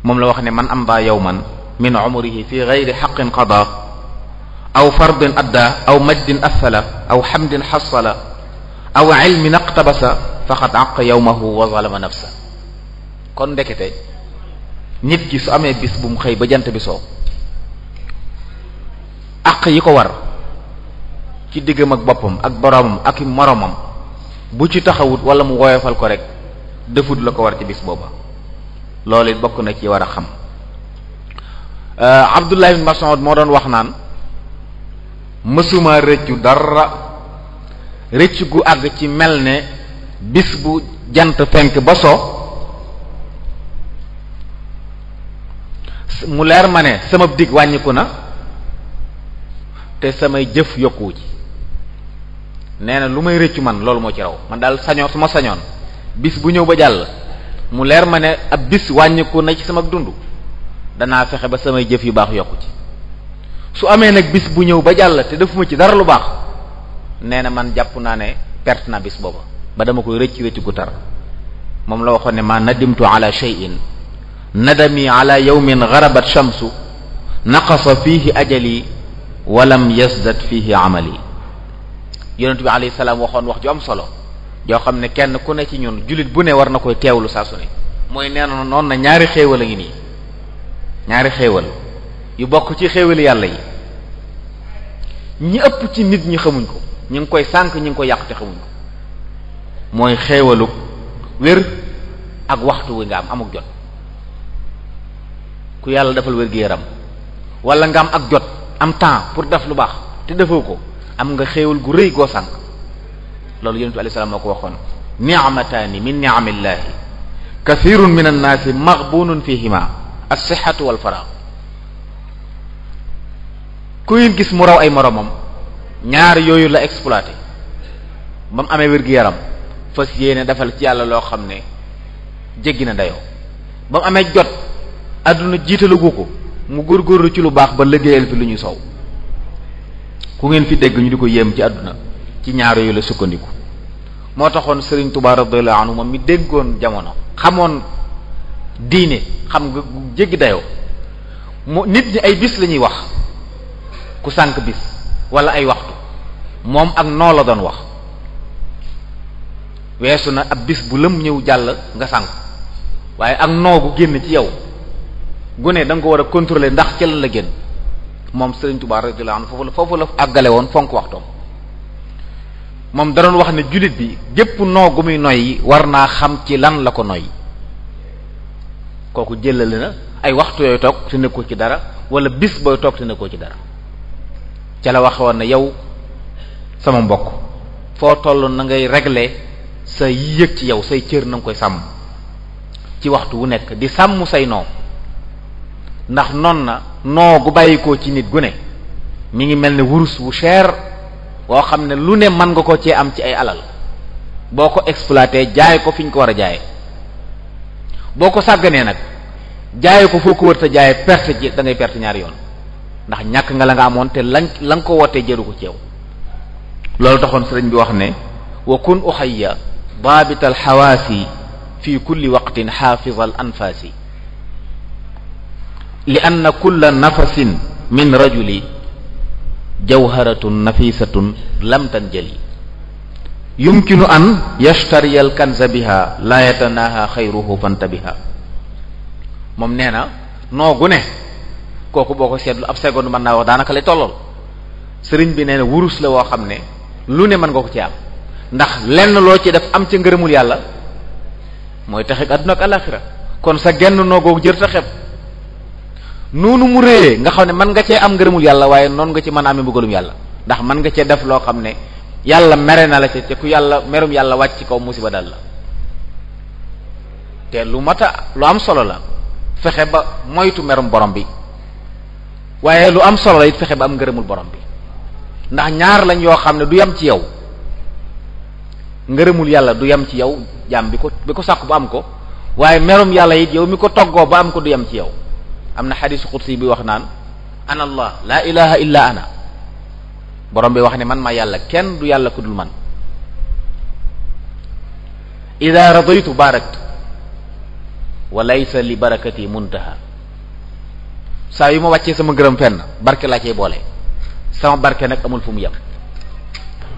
moom la wax ne man am daa yawman min umrihi fi ghayri haqqin qada aw fardin adda aw majdin affala aw hamdin hassala aw ilmin iqtabasa faqad aqqa yawmahu wa zalama nafsa kon ndekete nit ki su amee bis bu mu xëy ba jant bi soo àq yi ko war ci diggam ak boppam ak boromam ak moromam bu ci taxawut wala mu woyofal ko rek defut la ko war ci bis booba loolu it bokk na ci war a xam euh, Abdullah ibn Mas'ud moo doon wax naan mësuma rëccu dara rëcc gu àgg ci mel ne bis bu jant fenk ba so mu leer ma ne sama digg wàññiku na te samay jëf yokkuwu ci nee na lu may rëccu man loolu moo ci raw man daal sañoon su ma sañoon bis bu ñëw ba jàll mu leer ma ne ab bis wàññiku na ci sama dund danaa fexe ba samay jëf yu baax yokku ci su amee nag bis bu ñëw ba jàll te defuma ci dara lu baax nee na man jàpp naa ne perte na bis booba ba dama koy rëcc wetigu tar moom la waxoon ne ma nadimtu ala shay'in nadami ala yawmin gharabat shamsu naqasa fiihi ajali walam yasdat fiihi amali yonent bi waxoon wax ju am solo yoo xam ne kenn ku ne ci ñun jullit bu ne war na koy teewlu saa su ne mooy nee na noonu na ñaari xéewal a ngi nii ñaari xéewal yu bokk ci xéewal yàlla yi ñi ëpp ci nit ñi xamuñ ko ñu ngi koy sànq ñu ngi koy yàq te xamuñ ko mooy xéewalu wér ak waxtu wi nga am amuk jot ku yàlla defal wér-gu-yaram wala nga am ak jot am temps pour def lu baax te defoo ko am nga xéewal gu rëy goo sànq loolu yonent bi alayhi salaam moo ko waxoon ni min ni'amillaahi kathirun min annaasi maghbunun fihima as-sihhatu wal faragh ku ngeen gis mu raw ay moromam ñaar yooyu la exploité ba mu amee wér-gu-yaram fas yéene defal ci yàlla loo xam ne jéggi na dayoo ba mu amee jot àdduna jiitalagu ko mu góor góorlu ci lu baax ba liggéeyal fi lu ñuy sow ku ngeen fi dégg ñu di ko yéem ci àdduna ci ñaar yooyu la sukkandiku moo taxoon Serigne Touba radiyallahu anhu moom mi déggoon jamono xamoon diine xam nga gu jéggi dayoo mu nit ñi ay bis lañuy wax ku sànq bis walla ay waxtu moom ak noo la doon wax weesu na ab bis bu lëm ñëw jàll nga sànq waaye ak noo gu génn ci yow gune da nga ko war a contrôler ndax ci lan la génn moom Serigne Touba radiyallahu anhu foofu la foofu la àggale woon fonk waxtoom moom da doon wax ne jullit bi gépp noo gu muy noyyi war naa xam ci lan la ko noyyi kooku jëlale na ay waxtu yooyu toog te nekkoo ci dara wala bis booy toog te nekkoo ci dara ca la waxoon ne yow sama mbokk foo toll na ngay régler sa yëg ci yow say cër na nga koy sàmm ci waxtu wu nekk di sàmm say noo ndax non na noo gu bàyyikoo ci nit gu ne mi ngi mel ne wurus wu cher woo xam ne lu ne mën nga ko cee am ci ay alal boo ko exploité jaay ko fi ñu ko war a jaayee boo ko sàgganee nag jaay ko foo ko wër te jaayee perte ji da perte ñaari yoon ndax ñàkk nga la nga amoon te lañ la nga ko wootee jëru ko ci loolu taxoon sëriñ bi wax ne wa kun uxayya daabita alxawaasi fi kulli waqtin xaafiza al li anna kulla nafasin min rajuli jawharatun nafisatun lam tanjali yumkinu an yashtariya alkanza biha la yatanaha xayruhu fantabiha moom nee na noo ne kooku boo ko seetlu ab seconde mën naa wax daanaka lay tollool sëriñ bi nee na wurus la woo xam ne lu ne mën nga ko ci am ndax lenn loo ci def am ca ngërëmul yàlla mooy taxit àdduna ak alaxira kon sa genn noo googu jër ta noonu mu réyee nga xam ne man nga cee am ngërëmul yàlla waaye noonu nga ci mën a amee mbugalum yàlla ndax mën nga cee def loo xam ne yàlla mere na la ca te ku yàlla merum yàlla wàcc ci kaw musiba dal la te lu mat a lu am solo la fexe ba moytu merum borom bi waaye lu am solo la it fexe ba am ngërëmul borom bi ndax ñaar lañ yoo xam ne du yam ci yow ngërëmul yàlla du yam ci yow jaam bi ko bi ko sàkku bu am ko waaye merum yàlla it yow mi ko toggoo ba ko du yam ci yow am na xadiis xudsi bi wax naan ana allah laa ilaha illa ana borom bi wax ne man ma yàlla kenn du yàlla ku dul man ida radaytu baraktu wa laysa li barakati muntaha saa yu ma wàccee sama ngërëm fenn barke laa cay boole sama barke nag amul fu mu yem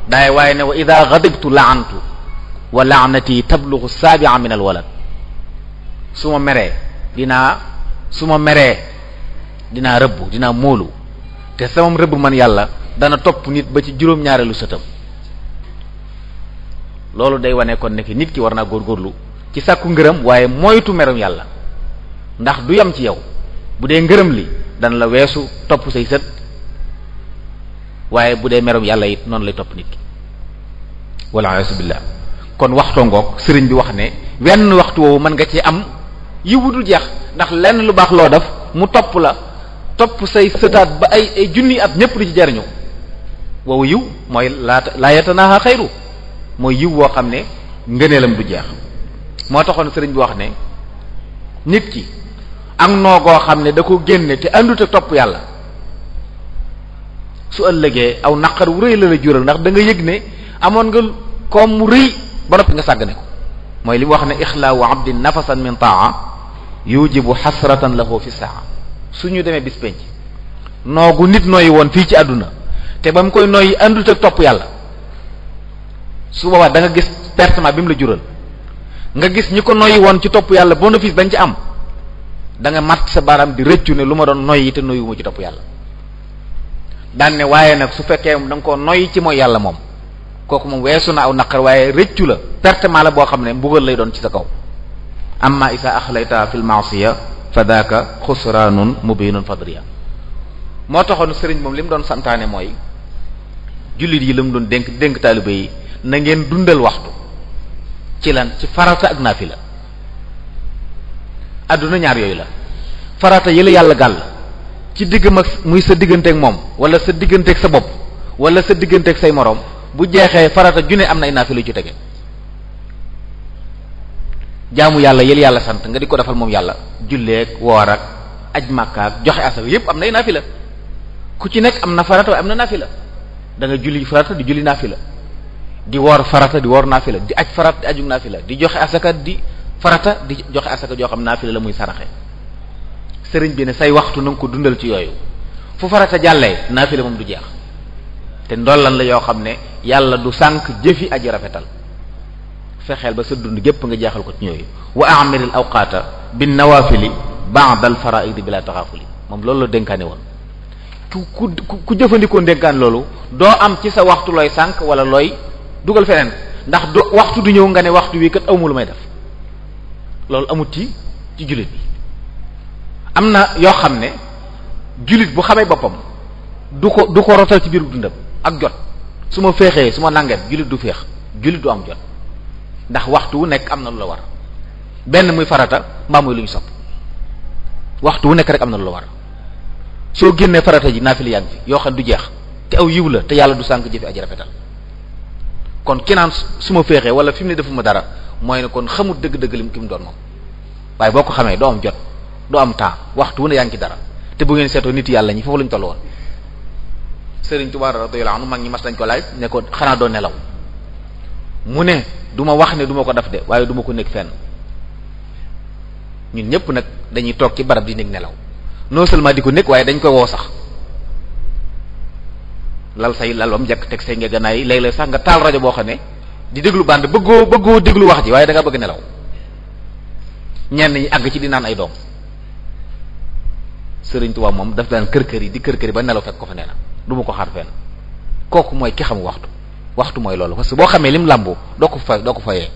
daay waaye ne wa ida gadibtu laantu wa laanati tablugu saabi'a min alwalad su ma meree dinaa su ma meree dinaa rëbb dinaa móolu te samam rëbb man yàlla dana topp nit ba ci juróom-ñaareelu sëtam loolu day wane kon ne nit ki war naa góorlu ci sàkku ngërëm waaye moytu merum yàlla ndax du yam ci yow bu dee ngërëm li dana la weesu topp say sët waaye bu dee merum yàlla it noonu lay topp nit ki walla ayaasu billaah kon waxtoo ngoog sëriñ bi wax ne wenn waxtu woowu mën nga ci am yiw bu dul jeex ndax lenn lu baax loo def mu topp la topp say sëtaat ba ay ay junni at ñépp di ci jariñu woowu yiw mooy laata laayatanaaha xayru mooy yiw woo xam ne ngëneelam du jeex moo taxoon sëriñ bi wax ne nit ki ak noogoo xam ne da ko génne te àndut topp yàlla su ëllëgee aw naqar wu rëy la la jural ndax da nga yëg ne amoon nga koom mu rëy ba noppi nga sàggane ko mooy li mu wax ne ixlaawu abdin nafasan min taa yujibu xasratan lahu fi saa su ñu demee bis penc noogu nit nooyi woon fii ci àdduna te ba mu koy nooyi àndut ak topp yàlla su boobaa danga nga gis pertement bi mu la jural nga gis ñi ko nooyi ci topp yàlla bénéfice bañ ci am da mat sa baaraam di rëccu ne lu ma doon noyyi te noyyiwuma ci topp yàlla daan ne waaye nag su fekkee da nga koo noyyi ci mooy yàlla moom kooku moom weesu na aw naqar waaye rëccu la pertement la boo xam ne mbugal lay doon ci sa kaw amma isa axlayta fil ma'siya fa daaka xusraanun mubinun fadriya moo taxoon sëriñ moom li mu doon santaane mooy jullit yi la mu doon dénk dénk taalibe yi na ngeen dundal waxtu ci lan ci farata ak naafila àdduna ñaar yooyu la farata yi la yàlla gàll ci digg mag muy sa digganteeg moom wala sa digganteeg sa bopp wala sa digganteeg say moroom bu jeexee farata ju ne am na ay naafila yu ci tege jaamu yàlla yël yàlla sant nga di ko defal moom yàlla julleek woor ak aj màkkaak joxe asaka yépp am na nay naafila ku ci nekk am na farata am na naafila da nga julli farata di julli naafila di woor farata di woor naafila di aj farata di aju naafila di joxe asaka di farata di joxe asaka joo xam naafila la muy saraxe sëriñ bi ne say waxtu na ko dundal ci yooyu fu farata jàllee naafila moom du jeex te ndollan la yoo xam ne yàlla du sànq jëfi aji rafetal fexeel ba sa dund gépp nga jaaxal ko ci ñooyu wa amir al awqata bin nawafili ba'da bi laa bila taxaafuli moom loolu la dénkaane woon ku ku ku jëfandikoo dénkaan loolu doo am ci sa waxtu looy sànq wala looy dugal feneen ndax du waxtu du ñëw nga ne waxtu wi kat awma lu may def loolu amut ci ci jullit bi am na yoo xam ne jullit bu xamee boppam du ko du ko rotal ci biir dundam ak jot su ma féexee su ma nangam jullit du féex jullit du am jot ndax waxtu wu nekk am na lu la war benn muy farata mbaa muy lu ñu sopp waxtu wu nekk rek am na lu la war soo génnee farata ji naafila yaa ngi fi yoo xam ne du jeex te aw yiw la te yàlla du sànk jëfe aji rafetal kon kenaan su ma féexee wala fi mu ne defuma dara mooy ne kon xamut dëgg-dëgg lim ki mu doon moom waaye boo ko xamee doo am jot doo am temps waxtu wu ne yaa ngi ci dara te bu ngeen seetoo nit yàlla ñi foofu lañ toll woon Serigne Touba radiyallahu anhu mag ñi mas nañ ko laaj ne ko xanaa doo ne du ma wax ne duma ko def de waaye du ma ko nekk fenn ñun ñëpp nag dañuy toog ci barab di nekk nelaw noo seulement di ko nekk waaye dañ koy woo sax lal say lal bam jekk teg say nga ganaar yi léeg-léeg sax nga taal rajo boo xam ne di déglu band bëggoo bëggoo déglu wax ji waaye danga nga bëgg nelaw ñenn ñi àgg ci di naan ay doom Sëriñ Tuubaa moom daf daan kër kër yi di kër kër yi ba nelaw fekk ko fa nee na du ma ko xaar fenn kooku mooy ki xamu waxtu waxtu mooy loolu parce que boo xamee lim làmboo doo ko fay doo ko fayee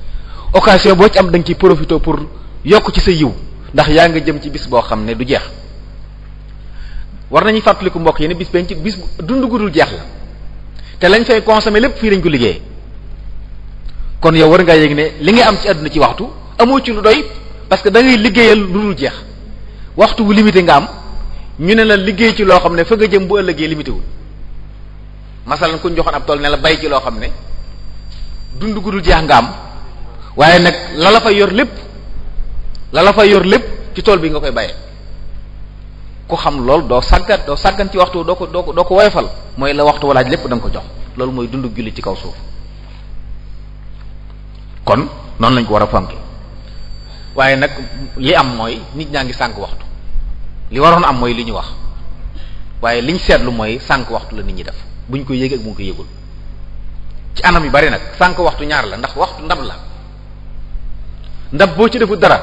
occasion boo ci am dañ nga ciy profité pour yokk ci sa yiw ndax yaa nga jëm ci bis boo xam ne du jeex war nañu fàttaliku mbokk yi bis benn ci bis dund gudul jeex la te lañ fay consommer lépp fii lañ ko liggéey kon yow war ngaa yëg ne li nga am ci àdduna ci waxtu amoo ci lu doy parce que da ngay liggéeyal lu dul jeex waxtu bu limité nga am ñu ne la liggéey ci loo xam ne fa nga jëm bu ëllëgee limité wul masalan ku ñu joxoon ab tool ne la bay ci loo xam ne dund gu ji jeex nga am waaye nag la la fa yor lépp la la fa yor lépp ci tool bi nga koy bayee ku xam lool doo sàggan doo waxtu doo ko doo ko doo ko woyofal mooy la waxtu walaaj lépp danga ko jox loolu mooy dund julli ci kaw suuf kon noonu lañ ko war a fonke waaye nag li am mooy nit ñaa ngi sànq waxtu li waroon am mooy li ñu wax waaye liñ seetlu mooy sànq waxtu la nit ñi def bu ñu ko yëgee ak ci anam yu bari nag sànq waxtu ñaar la ndax waxtu ndam la ndab boo ci defu dara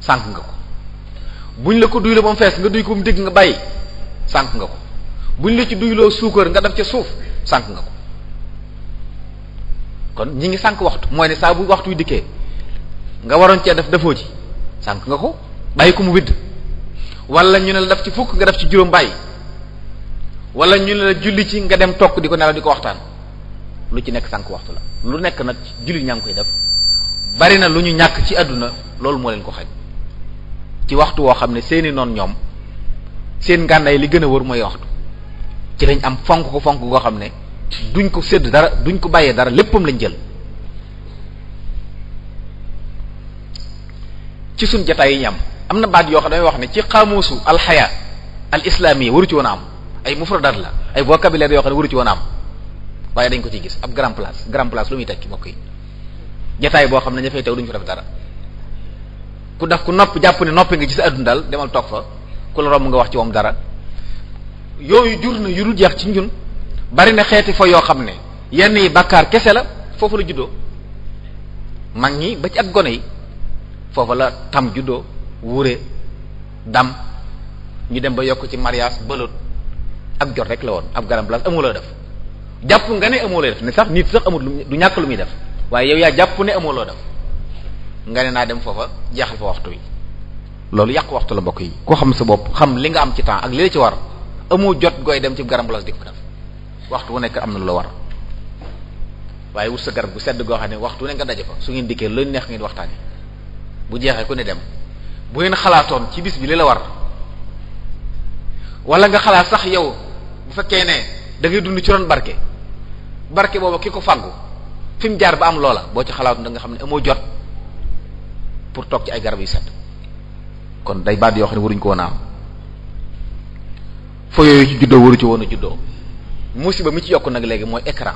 sànq nga ko buñ la ko duy la ba fees nga duy ko mu digg nga bàyyi sànq nga ko buñ la ci duyloo suukar nga def ca suuf sànq nga ko kon ñi ngi sànq waxtu mooy ne saa bu waxtu yu dikkee nga waroon cee def defoo ci sànq nga ko bàyyi ko mu widd wala ñu ne la def ci fukk nga def ci juróom bàyyi wala ñu ne la julli ci nga dem tokk di ko nelaw di ko waxtaan lu ci nekk sànq waxtu la lu nekk nag julli ñaa ngi koy def bari na lu ñu ñàkk ci àdduna loolu moo leen ko xaj ci waxtu woo xam ne seeni noon ñoom seen ngànnaay li gën a wër mooy waxtu ci lañ am fonk ko xam ne duñ ko sédd dara duñ ko bàyyee dara léppam lañ jël ci suñ jataay yi ñu am na baat yoo xam damay wax ne ci xaamuusu alxaya al islaamiya waru ci woon a am ay mufradaat la ay vocabulaire yoo xam ne waru ci woon am waaye dañ ko ci gis ab grand place grand place lu muy tekki mbokk yi jataay boo xam ne ña fay teew duñu fa def dara ku daf ku nopp jàpp ne noppi nga ci sa àdduna daal demal toog fa ku la romb nga wax ci moom dara yooyu jur na yu dul jeex ci njun bari na xeeti fa yoo xam ne yenn yi bàkkaar kese la foofu la juddoo mag ñi ba ci ak gone yi foofu la tam juddoo wure dam ñu dem ba yokk ci mariage bëloot ak jot rek la woon ab garab place amoo la def jàpp nga ne amoo la def ne sax nit sax amul lu du ñàkk lu muy def waaye yow yaa jàpp ne amoo loo def nga ne naa dem foofa jeexal fa waxtu wi loolu yàq waxtu la mbokk yi ku xam sa bopp xam li nga am ci temps ak li la ci war amoo jot gooy dem ci garam place di ko def waxtu wu nekk am na lu la war waaye wut sa garab gu sedd goo xam ne waxtu wu nekk nga daje fa su ngeen dikkee lu neex ngeen waxtaanee bu jeexee ku ne dem bu ngeen xalaatoon ci bis bi li la war wala nga xalaat sax yow. bu fekkee ne da dund ci ron barke barke boobu ki ko fàggu fi mu jaar ba am loola boo ci xalaatu da nga xam ne amoo jot pour toog ci ay garab yu set kon day baat yoo xam ne waruñ koo woon am fo yooyu ci juddoo waru ci woon a juddoo musiba mu ci yokk nag léegi mooy écran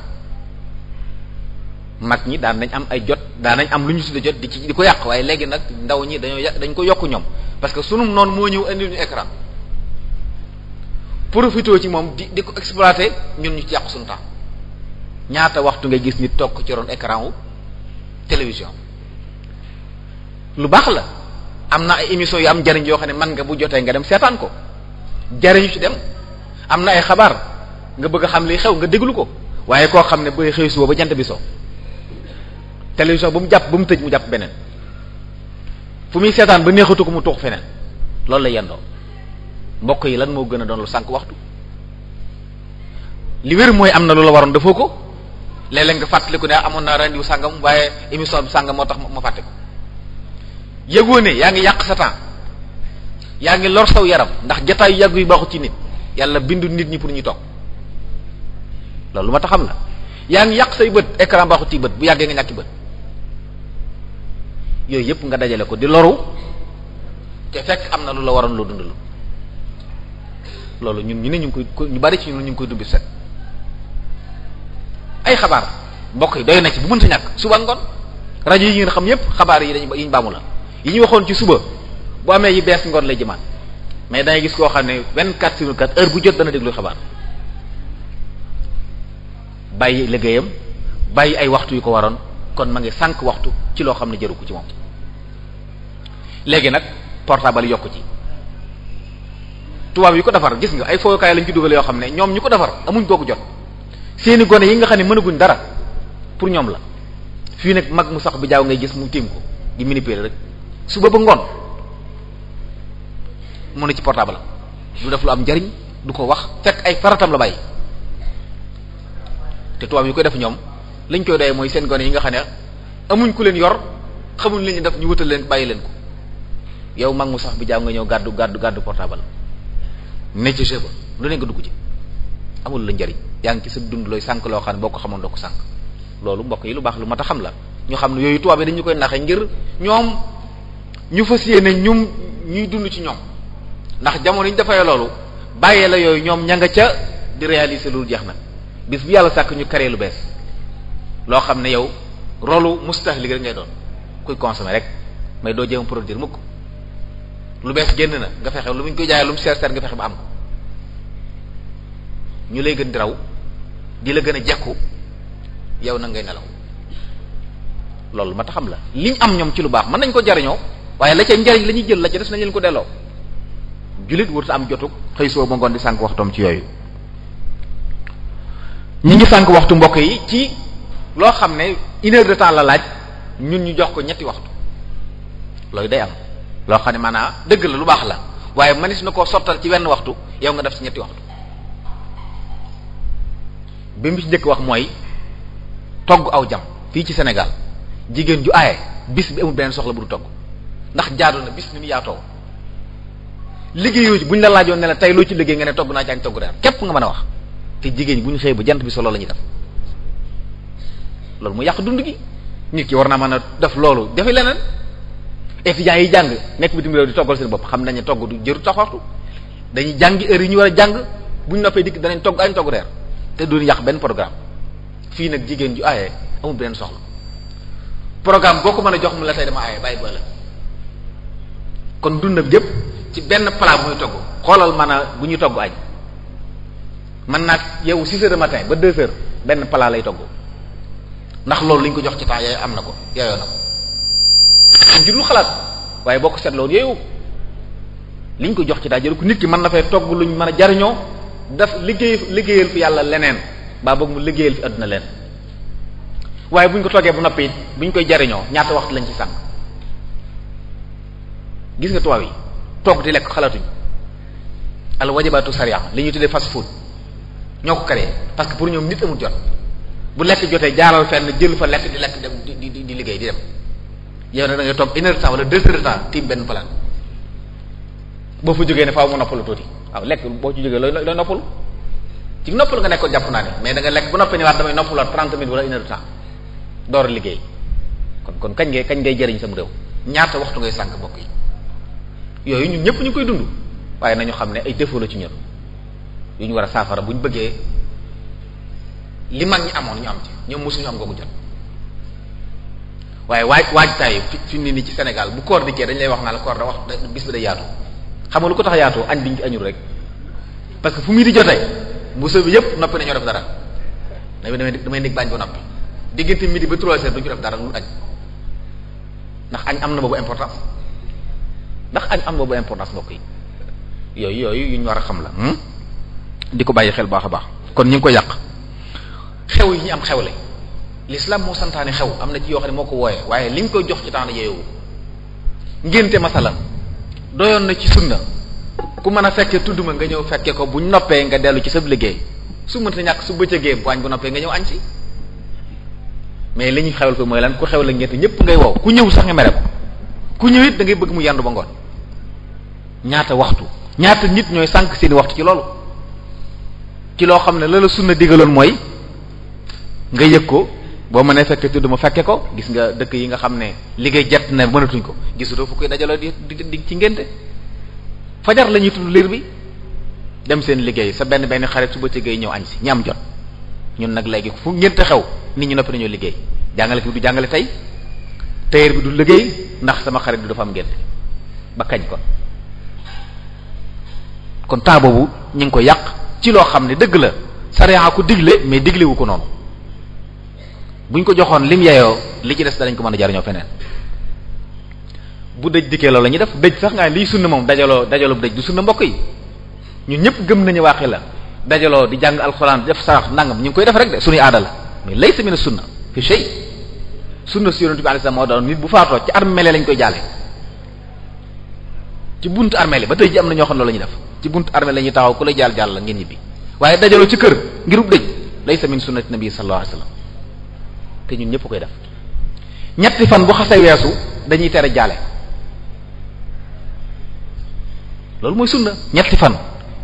mag ñi daan nañ am ay jot daan nañ am lu ñu tudde jot di ci di ko yàq waaye léegi nag ndaw ñi dañoo yàq dañ ko yokk ñoom parce que sunu noonu moo ñëw indi ñu écran profité ci moom di di ko exploité ñun ñu ci yàqu suñu tam ñaata waxtu nga gis nit toog ci ron écran wu télévision lu baax la am na ay émissions yu am njariñ yoo xam ne man nga bu jotee nga dem seetaan ko jariñu ci dem am na ay xabaar nga bëgg xam li xew nga déglu ko waaye koo xam ne booy xew suba ba jant bi so télévision ba mu jàpp ba mu tëj mu jàpp beneen fu muy seetaan ba neexatu ko mu tuux feneen loolu la yendoo mbokk yi lan moo gën a doon lu sànq waxtu li wér mooy am na lu la waroon defoo ko léeg nga fàttaliku ne ah, amoon naa rendiwu sàngam waaye émission bi sàngam moo tax ma fàtte ko yëgoo ne yaa ngi yàq sa temps yaa ngi lor saw yaram ndax jataayu yàgg yu baaxut ci nit yàlla bindu nit ñi pour ñu toog loolu lu ma taxam la yaa ngi yàq say bët écran baaxut ci bët bu yàggee nga ñàkki bët yooyu yëpp nga dajale ko di loru te fekk am na lu la waroon loo dundal loolu ñun ñu ne ñu ngi koy ñu bari ci ñun ñu ngi koy dubbi set ay xabaar mbokk yi doy na ci bu mënta ñàkk suba ngoon rajo yi ngeen xam yépp xabaar yi dañu yi ñu baamu la yi ñu waxoon ci suba bu amee yi bees ngoon lay jëmaat mais dangay gis koo xam ne 24 sur 4 heure bu jot dana déglu xabaar bàyyi liggéeyam bàyyi ay waxtu yu ko waroon kon ma ngi sànq waxtu ci loo xam ne jaru ko ci moom léegi nag portable yokku ci. tubaab yi ko defar gis nga ay fookaay lañ ci dugal yoo xam ne ñoom ñu ko defar amuñ kooku jot seeni gone yi nga xam ne mën mënaguñ dara pour ñoom la fii nag mag mu sax bi jaaw ngay gis mu tiim ko di rek suba ngoon mu ne ci portable du def lu am njariñ du ko wax fekk ay faratam la bàyyi te tubaab yi koy def ñoom lañ koy doyee mooy seen gone yi nga xam ne amuñ ku leen yor xamuñ li ñu def ñu wutal leen bàyyi leen ko yow mag mu sax bi jaaw nga ñëw gàddu gàddu gàddu portable ne ci chef lu ne nga dugg ci amul la njariñ yaa ngi ci sa dund looy sànq loo xam ne boo ko xamoon doo ko sànq loolu mbokk yi lu baax lu mat a xam la ñu xam ne yooyu tubaab yi dañu koy naxe ngir ñoom ñu fas yéene ñum ñuy dund ci ñoom ndax jamono yi ñu dafay loolu bàyyee la yooyu ñoom ña nga ca di réaliser lu jeex na bis bu yàlla sàkk ñu créé lu bees loo xam ne yow rolu mustahlik rek ngay doon kuy consommer rek mais doo jéem produire mukk lu bees génn na nga fexe lu mu ñu koy jaayee lu mu seer seer nga fexe ba am ko ñu lay gën di raw di la gën a jekku yow na ngay nelaw loolu ma taxam la liñ am ñoom ci lu baax mën nañ ko jariñoo waaye la ca njariñ la jël la ca des nañ leen ko delloo jullit sa am jotug xëy soo ba ngoon di sànk waxtoom ci yooyu ñu ngi sànk waxtu mbokk yi ci loo xam ne une heure de temps laaj ñun ñu jox ko ñetti waxtu loolu day am loo xam ne maanaam dëgg la lu baax la waaye manis na koo sottal ci wenn waxtu yow nga def ci ñetti waxtu bi mu ci njëkk wax mooy togg aw jam fii ci Sénégal jigéen ju aaye bis bi amul beneen soxla bu du togg ndax jaadu na bis ni mu yaatoo liggéeyoo bu ñu la laajoon ne tey loo ci liggéey nga ne togg naa ci añ togg reer képp nga mën a wax te jigéen bu ñu xëyee bu jant bi solo la ñuy def loolu mu yàq dund gi nit ki war naa mën a def loolu defi leneen étudiants yi jàng nekk bitim réew di toggal seen bopp xam nañu togg du jër taxortu dañuy jàngi heure yi ñu war a jàng bu ñu noppee dikk danañ togg añ togg reer te duñu yax benn programme fii nag jigéen ju aaye amul benn soxla programme boo ko mën a jox mu la tey dama aaye bàyyi ba la kon nag yëpp ci benn palaa bu muy togg xoolal man a bu ñu togg añ man naag yow six heures de ba deux heures benn palaa lay togg ndax loolu li ñu ko jox ci temps yooyu am na ko ci jurul xalaat waaye boo ko seetloo yeewu liñ ko jox ci daa jëru ko nit ki man na fay togg luñ mën a jariñoo daf liggéey liggéeyal fi yàlla leneen baa boog mu liggéeyal fi àdduna leen waaye buñ ko toggee bu noppi buñ koy jariñoo ñaata waxtu lañ ci sànq gis nga tubaab yi togg di lekk xalaatuñ al wajibatu sariya li ñu tuddee fast food ñoo ko créé parce que pour ñoom nit amul jot bu lekk jotee jaaral fenn jël fa lekk di lekk dem di di di liggéey dem yow nag da toog une heure de temps wala deux de temps tiim benn palaat boo fa jógee ne faaw mu noppalu tuuti waaw lekk boo ci jógee looy looy noppalu ci noppalu nga nekkoon jàpp naa ne mais da nga lekk bu noppee ñëwaat damay noppaluwaat trente minutes wala une heure de temps door liggéey kon kon kañ ngay kañ ngay jëriñ sam réew ñaata waxtu ngay sànq mbokk yi yooyu ñun ñëpp ñu koy dund waaye nañu xam ne ay défaut la ci ñun yu ñu war a saafara bu ñu bëggee li mag ñi amoon ñu am ñoom mosuñu am googu jot. waaye waaj waajtaay fi mu ne nii ci Sénégal bu koor dikkee dañ lay wax naa la koor da wax bis bi day yaatu xam nga lu ko tax yaatu añ bi ñu añul parce que fu muy di jotee mbuso bi yëpp noppi nañoo def dara damay damay damay nekk baañ ba noppi diggante midi ba trois heures du ñu def dara lu añ ndax añ am na boobu importance ndax añ am na boobu importance mbokk yi yooyu yooyu yu ñu war a xam la hmm? di ko bàyyi xel baax a baax kon ñu ngi ko yàq xew yi ñu am xewle l'islam moo santaane xew am na ci yoo xam ne moo ko wooye waaye liñ koy jox ci na yeewu ngénte masalan doyoon na ci sunna ku mën a fekkee tudd ma nga ñëw fekkee ko buñ noppee nga dellu ci sab liggéey su mënta ñàkk su bëccëgee bu waañ bu noppee nga ñëw añ si mais li ñu xewal ko mooy lan ku xew la ngénte ñëpp ngay wow ku ñëw sax nga mere ku ñëw it da ngay bëgg mu yandu ba ngoon ñaata waxtu ñaata nit ñooy sànq seeni waxtu ci loolu ci loo xam ne la la sunna digaloon mooy nga yëg ko boo mënee fekke tudd mu fekke ko gis nga dëkk yi nga xam ne liggéey jett na mënatuñ ko gisutoo fu koy dajaloo di di ci ngénte fajar la ñuy tudd liir bi dem seen liggéey sa benn benn xarit suba ci géey ñëw añ si ñi am jot ñun nag léegi fu ngénte xew nit ñi noppi nañoo liggéey jàngale fi du jàngale tey tailleur bi du liggéey ndax sama xarit bi dafa am ngénte ba kañ kon kon temps boobu ñu ngi ko yàq ci loo xam ne dëgg la sariya ko digle mais digle wu ko noonu bu ñu ko joxoon lim yeyoo li ci des danañ ko mën a jariñoo feneen bu dëj dikkee loolu la ñuy def dëj sax nga liy sunna moom dajaloo dajaloo bu dëj du sunna mbokk yi ñun ñëpp gëm nañu waaxi la dajaloo di jàng alxuraan def sarax nangam ñu ngi koy def rek de suñuy aada la mais laysa mina sunna fi shay sunna si yonent bi moo doon nit bu faatoo ci armeel lañ koy jaale ci buntu armeel ba tey ji am na ñoo ne la ñuy def ci buntu armeel la ñuy taxaw ku lay jaal jaal la ngeen ñibbi waaye dajaloo ci kër ngirub dëj laysa min sunnati nabi sallallahu alayhi wasallam te ñun ñëpp koy def ñetti fan bu xasee weesu dañuy tere jaale loolu mooy sunna ñetti fan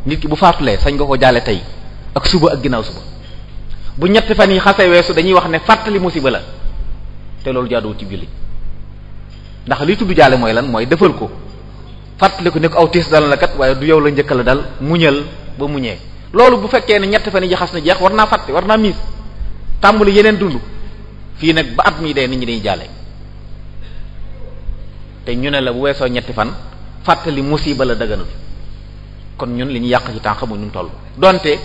nit ki bu faatulee sañ nga ko jaale tey ak suba ak ginnaaw suba bu ñetti fan yi xasee weesu dañuy wax ne fàttali musiba la te loolu jaaduwul ci julli ndax li tudd jaale mooy lan mooy defal ko fàttali ko ne ko aw tiis dal la kat waaye du yow la njëkk la dal muñal ba muñee loolu bu fekkee ne ñetti fan yi xas na jeex war naa fàtte war naa miis tàmbali yeneen dund fii nag ba at mi de nit ñi dañuy jaale te ñu ne la bu weesoo ñetti fan fàttali musiba la daganul kon ñun li ñu yàq ci temps xamuñ nu toll donte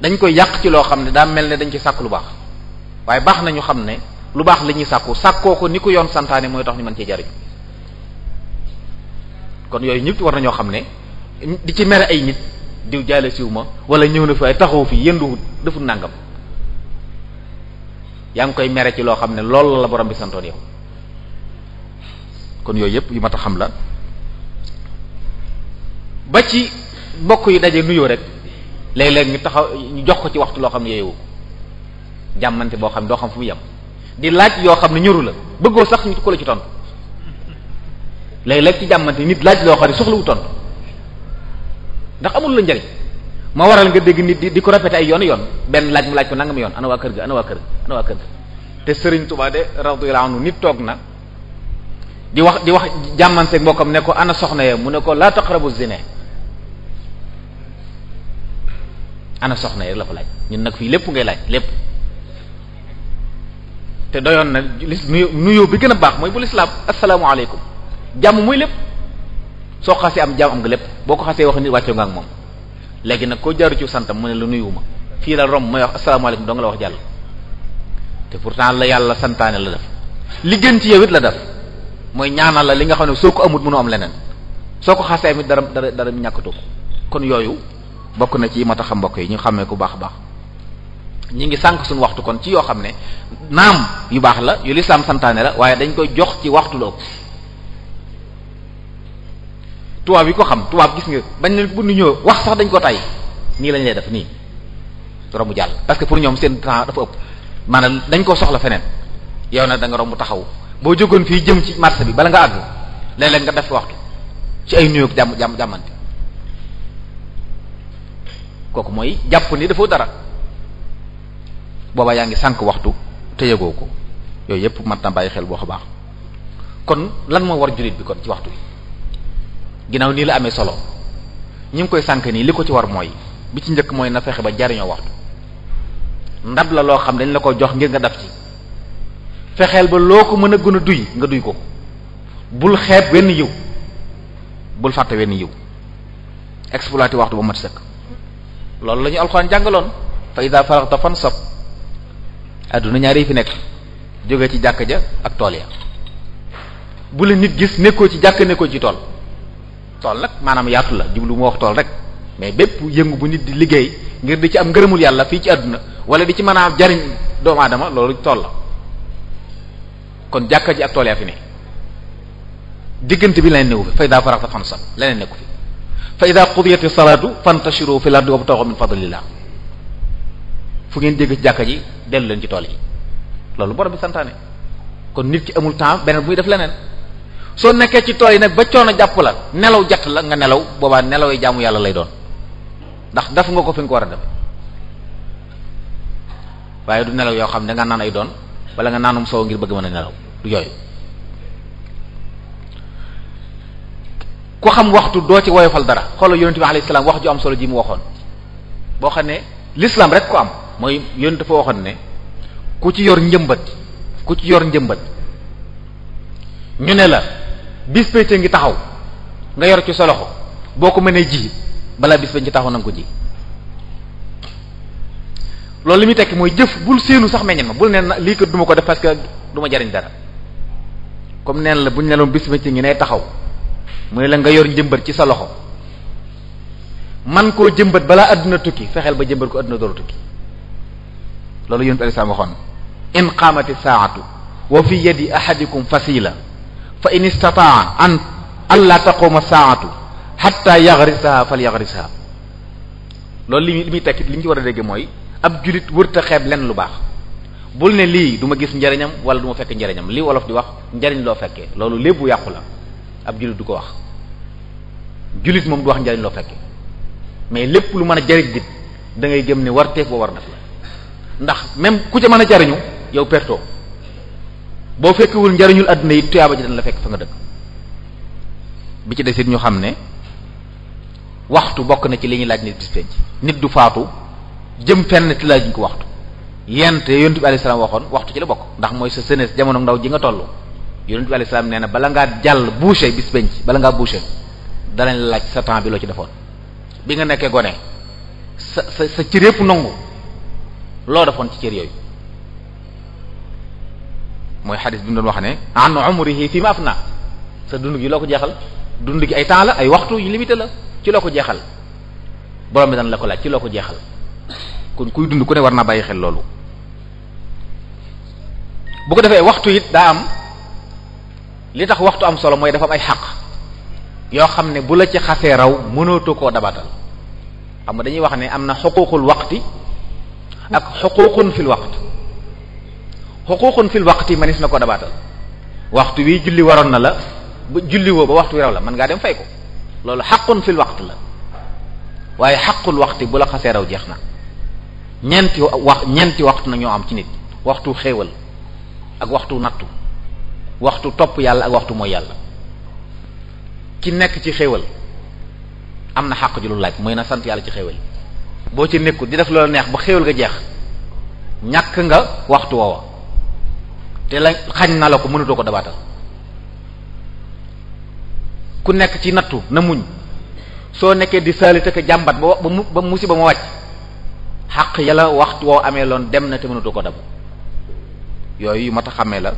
dañ koy yàq ci loo xam ne daa mel ne dañ ci sàkk lu baax waaye baax na ñu xam ne lu baax li ñuy sàkku sàkkoo ko ni ko yoon santaane mooy tax ñu mën cee jariñ kon yooyu ñëpp war na ñoo xam ne di ci mere ay nit diw jaale siw ma wala ñëw na fi ay taxaw fi yëndu deful nàngam yaa ngi koy mere ci loo xam ne loolu la borom bi santoon yow kon yooyu yëpp yu mat a xam la ba ci mbokk yu daje nuyoo rek léeg-léeg ñu taxaw ñu jox ko ci waxtu loo xam ne yeewu jàmmante boo xam ne doo xam fu mu yem di laaj yoo xam ne ñoru la bëggoo sax ñu ko ci tontu léeg-léeg ci jàmmante nit laaj loo xam ne soxlawu tontu ndax amul la njariñ ma waral nga dégg nit di di ko répété ay yoon yoon benn laaj mu laaj ko nangam yoon ana waa kër ga ana waa kër ga ana te sëriñ Touba de radiyallahu anhu nit toog na di wax di wax jàmmanseeg mbokkam ne ko ana soxna ya mu ne ko la taqrabu zina ana soxna ya la ko laaj ñun nag fii lépp ngay laaj lépp te doyoon na nuyu nuyoo bi gën a baax mooy bu lislaam asalaamaaleykum jàmm muy lépp soo xasee am jàmm am nga lépp boo ko xasee wax nit wàccoo moom. léegi nag koo jaaru ci santam mu ne la nuyuwuma fii la romb may wax asalaamaaleykum doo nga la wax jàll te pour pourtant la yàlla santaane la def li gën ci yow it la def mooy ñaanal la li nga xam ne soo ko amut mënu am leneen soo ko xasee amit dara dara dara ñàkkatu ko kon yooyu bokk na ci mat a mbokk yi ñu xamee ku baax a baax ñi ngi sànq suñu waxtu kon ci yoo xam ne naam yu baax la yu lislaam santaane la waaye dañ koy jox ci waxtu la ëpp tubaab yi ko xam tuwaab gis nga bañ ne bu nu ñoo wax sax dañ ko tay nii lañ lay def nii romb jàll parce que pour ñoom seen temps dafa ëpp maanaam dañ koo soxla feneen yow nag da nga romb taxaw boo jógoon fii jëm ci marché bi bala nga àgg léeg nga def waxtu ci ay nuyoog jàmm jàmm jàmmante kooku mooy jàpp ni dafoo dara booba yaa ngi sànq waxtu te yëgoo ko yooyu yëpp mat na bàyyi xel boo xa baax kon lan moo war jullit bi kon ci waxtu bi ginnaaw nii la amee solo ñi ngi koy sànk nii li ko ci war mooy bi ci njëkk mooy na fexe ba jariñoo waxtu ndab la loo xam dañ la ko jox ngir nga daf ci fexeel ba loo ko mën a gën a duy nga duy ko bul xeeb wenn yiw bul fàtte wenn yiw exploité waxtu ba mat sëkk loolu lañu ñu jàngaloon fa ida faraxta fansab adduna ñaari fi nekk jóge ci jàkk ja ak tool ya bu la nit gis nekkoo ci jàkk nekkoo ci tool tool nag maanaam yaatu la jublu mu wax tool rek mais bépp yëngu bu nit di liggéey ngir di ci am ngërëmul yàlla fii ci àdduna wala di ci mën a jariñ doomu aadama loolu tool la kon jàkka ji ak tool yaa fi ne diggante bi leneen newu fi fa ida faraxta fansab leneen nekku fi fa ida qudiyati salaatu fantashiru fil ardi wabtaghu min fadlillah fu ngeen dégg ci jàkka ji dellu leen ci tool yi loolu borom bi santaane kon nit ki amul temps beneen bu muy def leneen soo nekkee ci tool yi nag ba coono jàpp la nelaw jatt la nga nelaw boobaa nelaw yi jaamu yàlla lay doon ndax daf nga ko fi nga ko war a dem waaye du nelaw yoo xam ne da naan ay doon wala nga naanum soow ngir bëgg mën a nelaw du yooyu ku xam waxtu doo ci woyofal dara xoolal yonent bi alayhi salaam wax ju am solo ji mu waxoon boo xam ne l'islam rek ko am mooy yonent dafa waxoon ne ku ci yor njëmbat ku ci yor njëmbat ñu ne la bis pénc ngi taxaw nga yor ci sa loxo boo ko mënee ji balaa bis pénc ci taxaw na ko ji loolu li muy tekki mooy jëf bul séenu sax meññen ma bul neen lii ko duma ko def parce que du jariñ dara comme neen la bu ñu ne loon bis pénc ngi ne taxaw mu ne la nga yor njëmbat ci sa loxo man koo jëmbat balaa àdduna tukki fexeel ba jëmbat ko àdduna door tukki loolu yonent bi alayhi salaam waxoon in qaamati saa'atu wa fi yadi ahadikum fasila fa in istataa an an la taquma saatu hatta yaghrisaha falyaghrisaha loolu li li muy tekki li ñu ci war a dégg mooy ab julit wërta xeeb lenn lu baax bul ne lii du ma gis njariñam wala du ma fekk njariñam lii wolof di wax njariñ loo fekkee loolu lépp yàqu la ab julit du ko wax julit moom du wax njariñ loo fekkee mais lépp lu mën a jariñ nit da ngay gëm ne warteef boo war def la ndax même ku ca mën a jariñu yow perto boo fekkewul njariñul àdduna yi tuyaaba ji dañ la fekk fa nga dëkk bi ci desit ñu xam ne waxtu bokk na ci li ñuy laaj nit bis nit du faatu jëm fenn laaj laajuñ ko waxtu yent yonent bi alayhi waxoon waxtu ci la bokk ndax mooy sa senes jamono ndaw ji nga toll yonent bi alayhi salaam nee na bala ngaa jàll boucher bis penc bala ngaa boucher dana laaj sa temps bi loo ci defoon bi nga nekkee gone sa sa sa cër yépp nangu loo defoon ci cër yooyu mooy xadis bi mu doon wax ne an umrihi fi ma naa sa dund gi loo ko jeexal dund gi ay temps la ay waxtu yu limité la ci loo ko jeexal borom bi dana la ko laaj ci loo ko jeexal kon kuy dund ku ne war naa bàyyi xel loolu bu ko defee waxtu it daa am li tax waxtu am solo mooy dafa ay xaq yoo xam ne bu la ci xasee raw mënootoo koo dabatal xam nga dañuy wax ne am na xuququl waqti ak xuququn fil waqt xuququn fil waqti manis na ko dabaatal waxtu wi julli waroon na la ba julli woo ba waxtu wi raw la mën ngaa dem fay ko loolu xaqun fil waqti la waaye xaqul waxti bu la na ñeenti wax ñeenti waxtu na ñoo am ci nit waxtu xéewal ak waxtu nattu waxtu topp yàlla ak waxtu mooy yàlla ki nekk ci xéewal am na xaq ju lu laaj mooy na sant yàlla ci xéewal boo ci nekkul di def loolu neex ba xéewal nga jeex ñàkk nga waxtu woowa te la xañ na la ko mënatoo ko dabaatal ku nekk ci nattu na muñ soo nekkee di saalit ak jàmbat ba ba mu musiba ma wàcc xaq yàlla waxtu woo amee loon dem na te mënatoo ko dabu yooyu yu mat a xàmmee la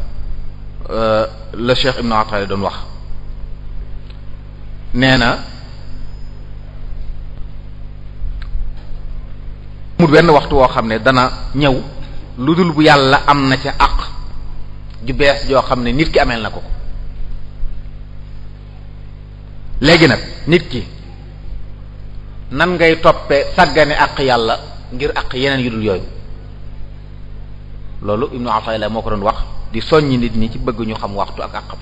euh, la Cheikh Ibn Attal doon wax nee na amul benn waxtu woo xam ne dana ñëw lu dul bu yàlla am na ca àq ju bees joo xam ne nit ki ameel na ko ko léegi nag nit ki nan ngay toppe sàggane àq yàlla ngir àq yeneen yu dul yooyu loolu ibnu Atayla moo ko doon wax di soññi nit ñi ci bëgg ñu xam waxtu ak àqam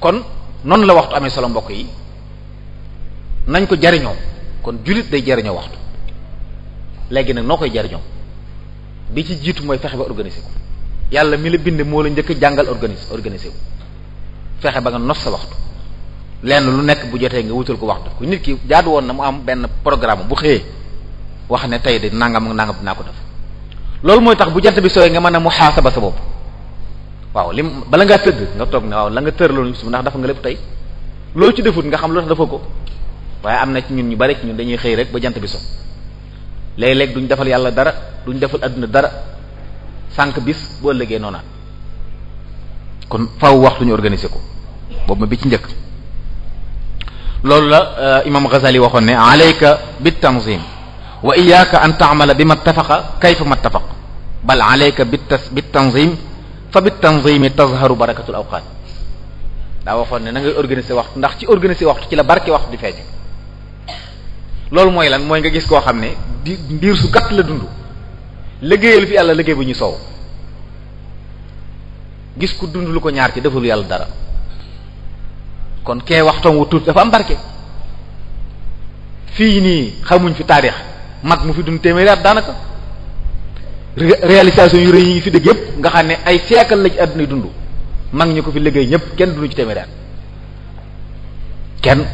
kon noonu la waxtu amee solo mbokk yi nañ ko jariñoo kon jullit day jariñoo waxtu léegi nag noo koy jariñoo bi ci jiitu mooy fexe ba organiser ko yàlla mi la bind moo la njëkk jàngal organise organisé fexe ba nga nos sa waxtu lenn lu nekk bu jotee nga wutal ko waxtu ku nit ki jaadu woon na mu am benn programme bu xëyee wax ne tey de nangam nangam dinaa ko def loolu mooy tax bu jant bi sooy nga mën a muhaasaba sa bopp waaw lim bala ngaa tëdd nga toog ne waaw la nga tër loolu ndax dafa nga lépp tey loolu ci defut nga xam lu tax ko waaye am na ci ñun ñu bari ci dañuy xëy rek ba jant bi so léeg duñ defal yàlla dara duñ defal àdduna dara sànq bis bu ëllëgee noonaat kon faw waxtu ñu organiser ko boobu ma bi ci njëkk loolu la euh, imam Ghazali waxoon ne alayka bit tanzim wa iyyaka an ta'mala bima ittafaqa kayfa ma ittafaqa bal alayka bit tas bit tanzim fa bit tanzimi tazharu barakatul awqat daa waxoon ne na ngay organiser waxtu ndax ci organiser waxtu ci la barke waxtu di feeñ loolu mooy lan mooy nga gis koo xam ne di mbir su gàtt la dund liggéeyal fi yàlla liggéey bu ñu soow gis ku dund lu ko ñaar ci deful yàlla dara kon kee wax wu tuuti dafa am barke fii nii xamuñ fi taarix mag mu fi dund téeméeri at daanaka réalisation yu rëy yi fi dëgg yëpp nga xam ne ay siècle la ci àdduna dund mag ñi ko fi liggéey ñépp kenn dund ci téeméeri at kenn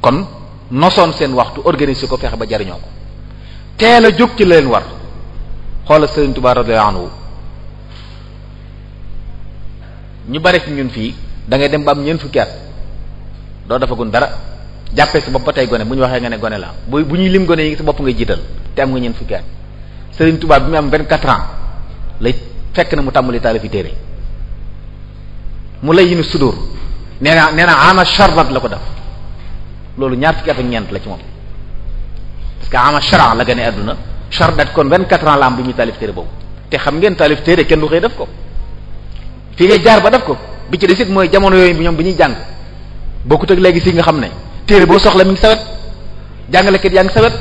kon nosoon seen waxtu organiser ko fexe ba jariñoo ko teel a jóg ci la leen war xoolal Sëriñ Tuubaa radiyallahu anhu ñu bare fi ñun fii dangay dem ba am ñeent fukki at doo dafagun dara jàppe si bopp ba tey gone bu ñu waxee nga ne gone la bu bu ñuy lim gone yi sa bopp ngay jiital te am nga ñeent fukki at Sëriñ Tuubaa bi mu am vingt-quatre ans lay fekk na mu tàmbali taalifi téere mu lay yi ni sudur nee na nee na ana charbat la ko def loolu ñaar fukki at ak ñeent la ci moom parce que ama shara la gane àdduna shar dat kon vingt-quatre ans la am bi muy taalif téere boobu te xam ngeen taalif téere kenn du xëy def ko fi nga jaar ba def ko bi ci desit mooy jamono yooyu bi ñoom bi ñuy jàng bokkut ak léegi si nga xam ne téere boo soxla mi ngi sawet jàngalekat yaa ngi sawet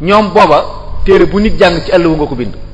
ñoom booba téere bu nit jàng ci àll wu nga ko bind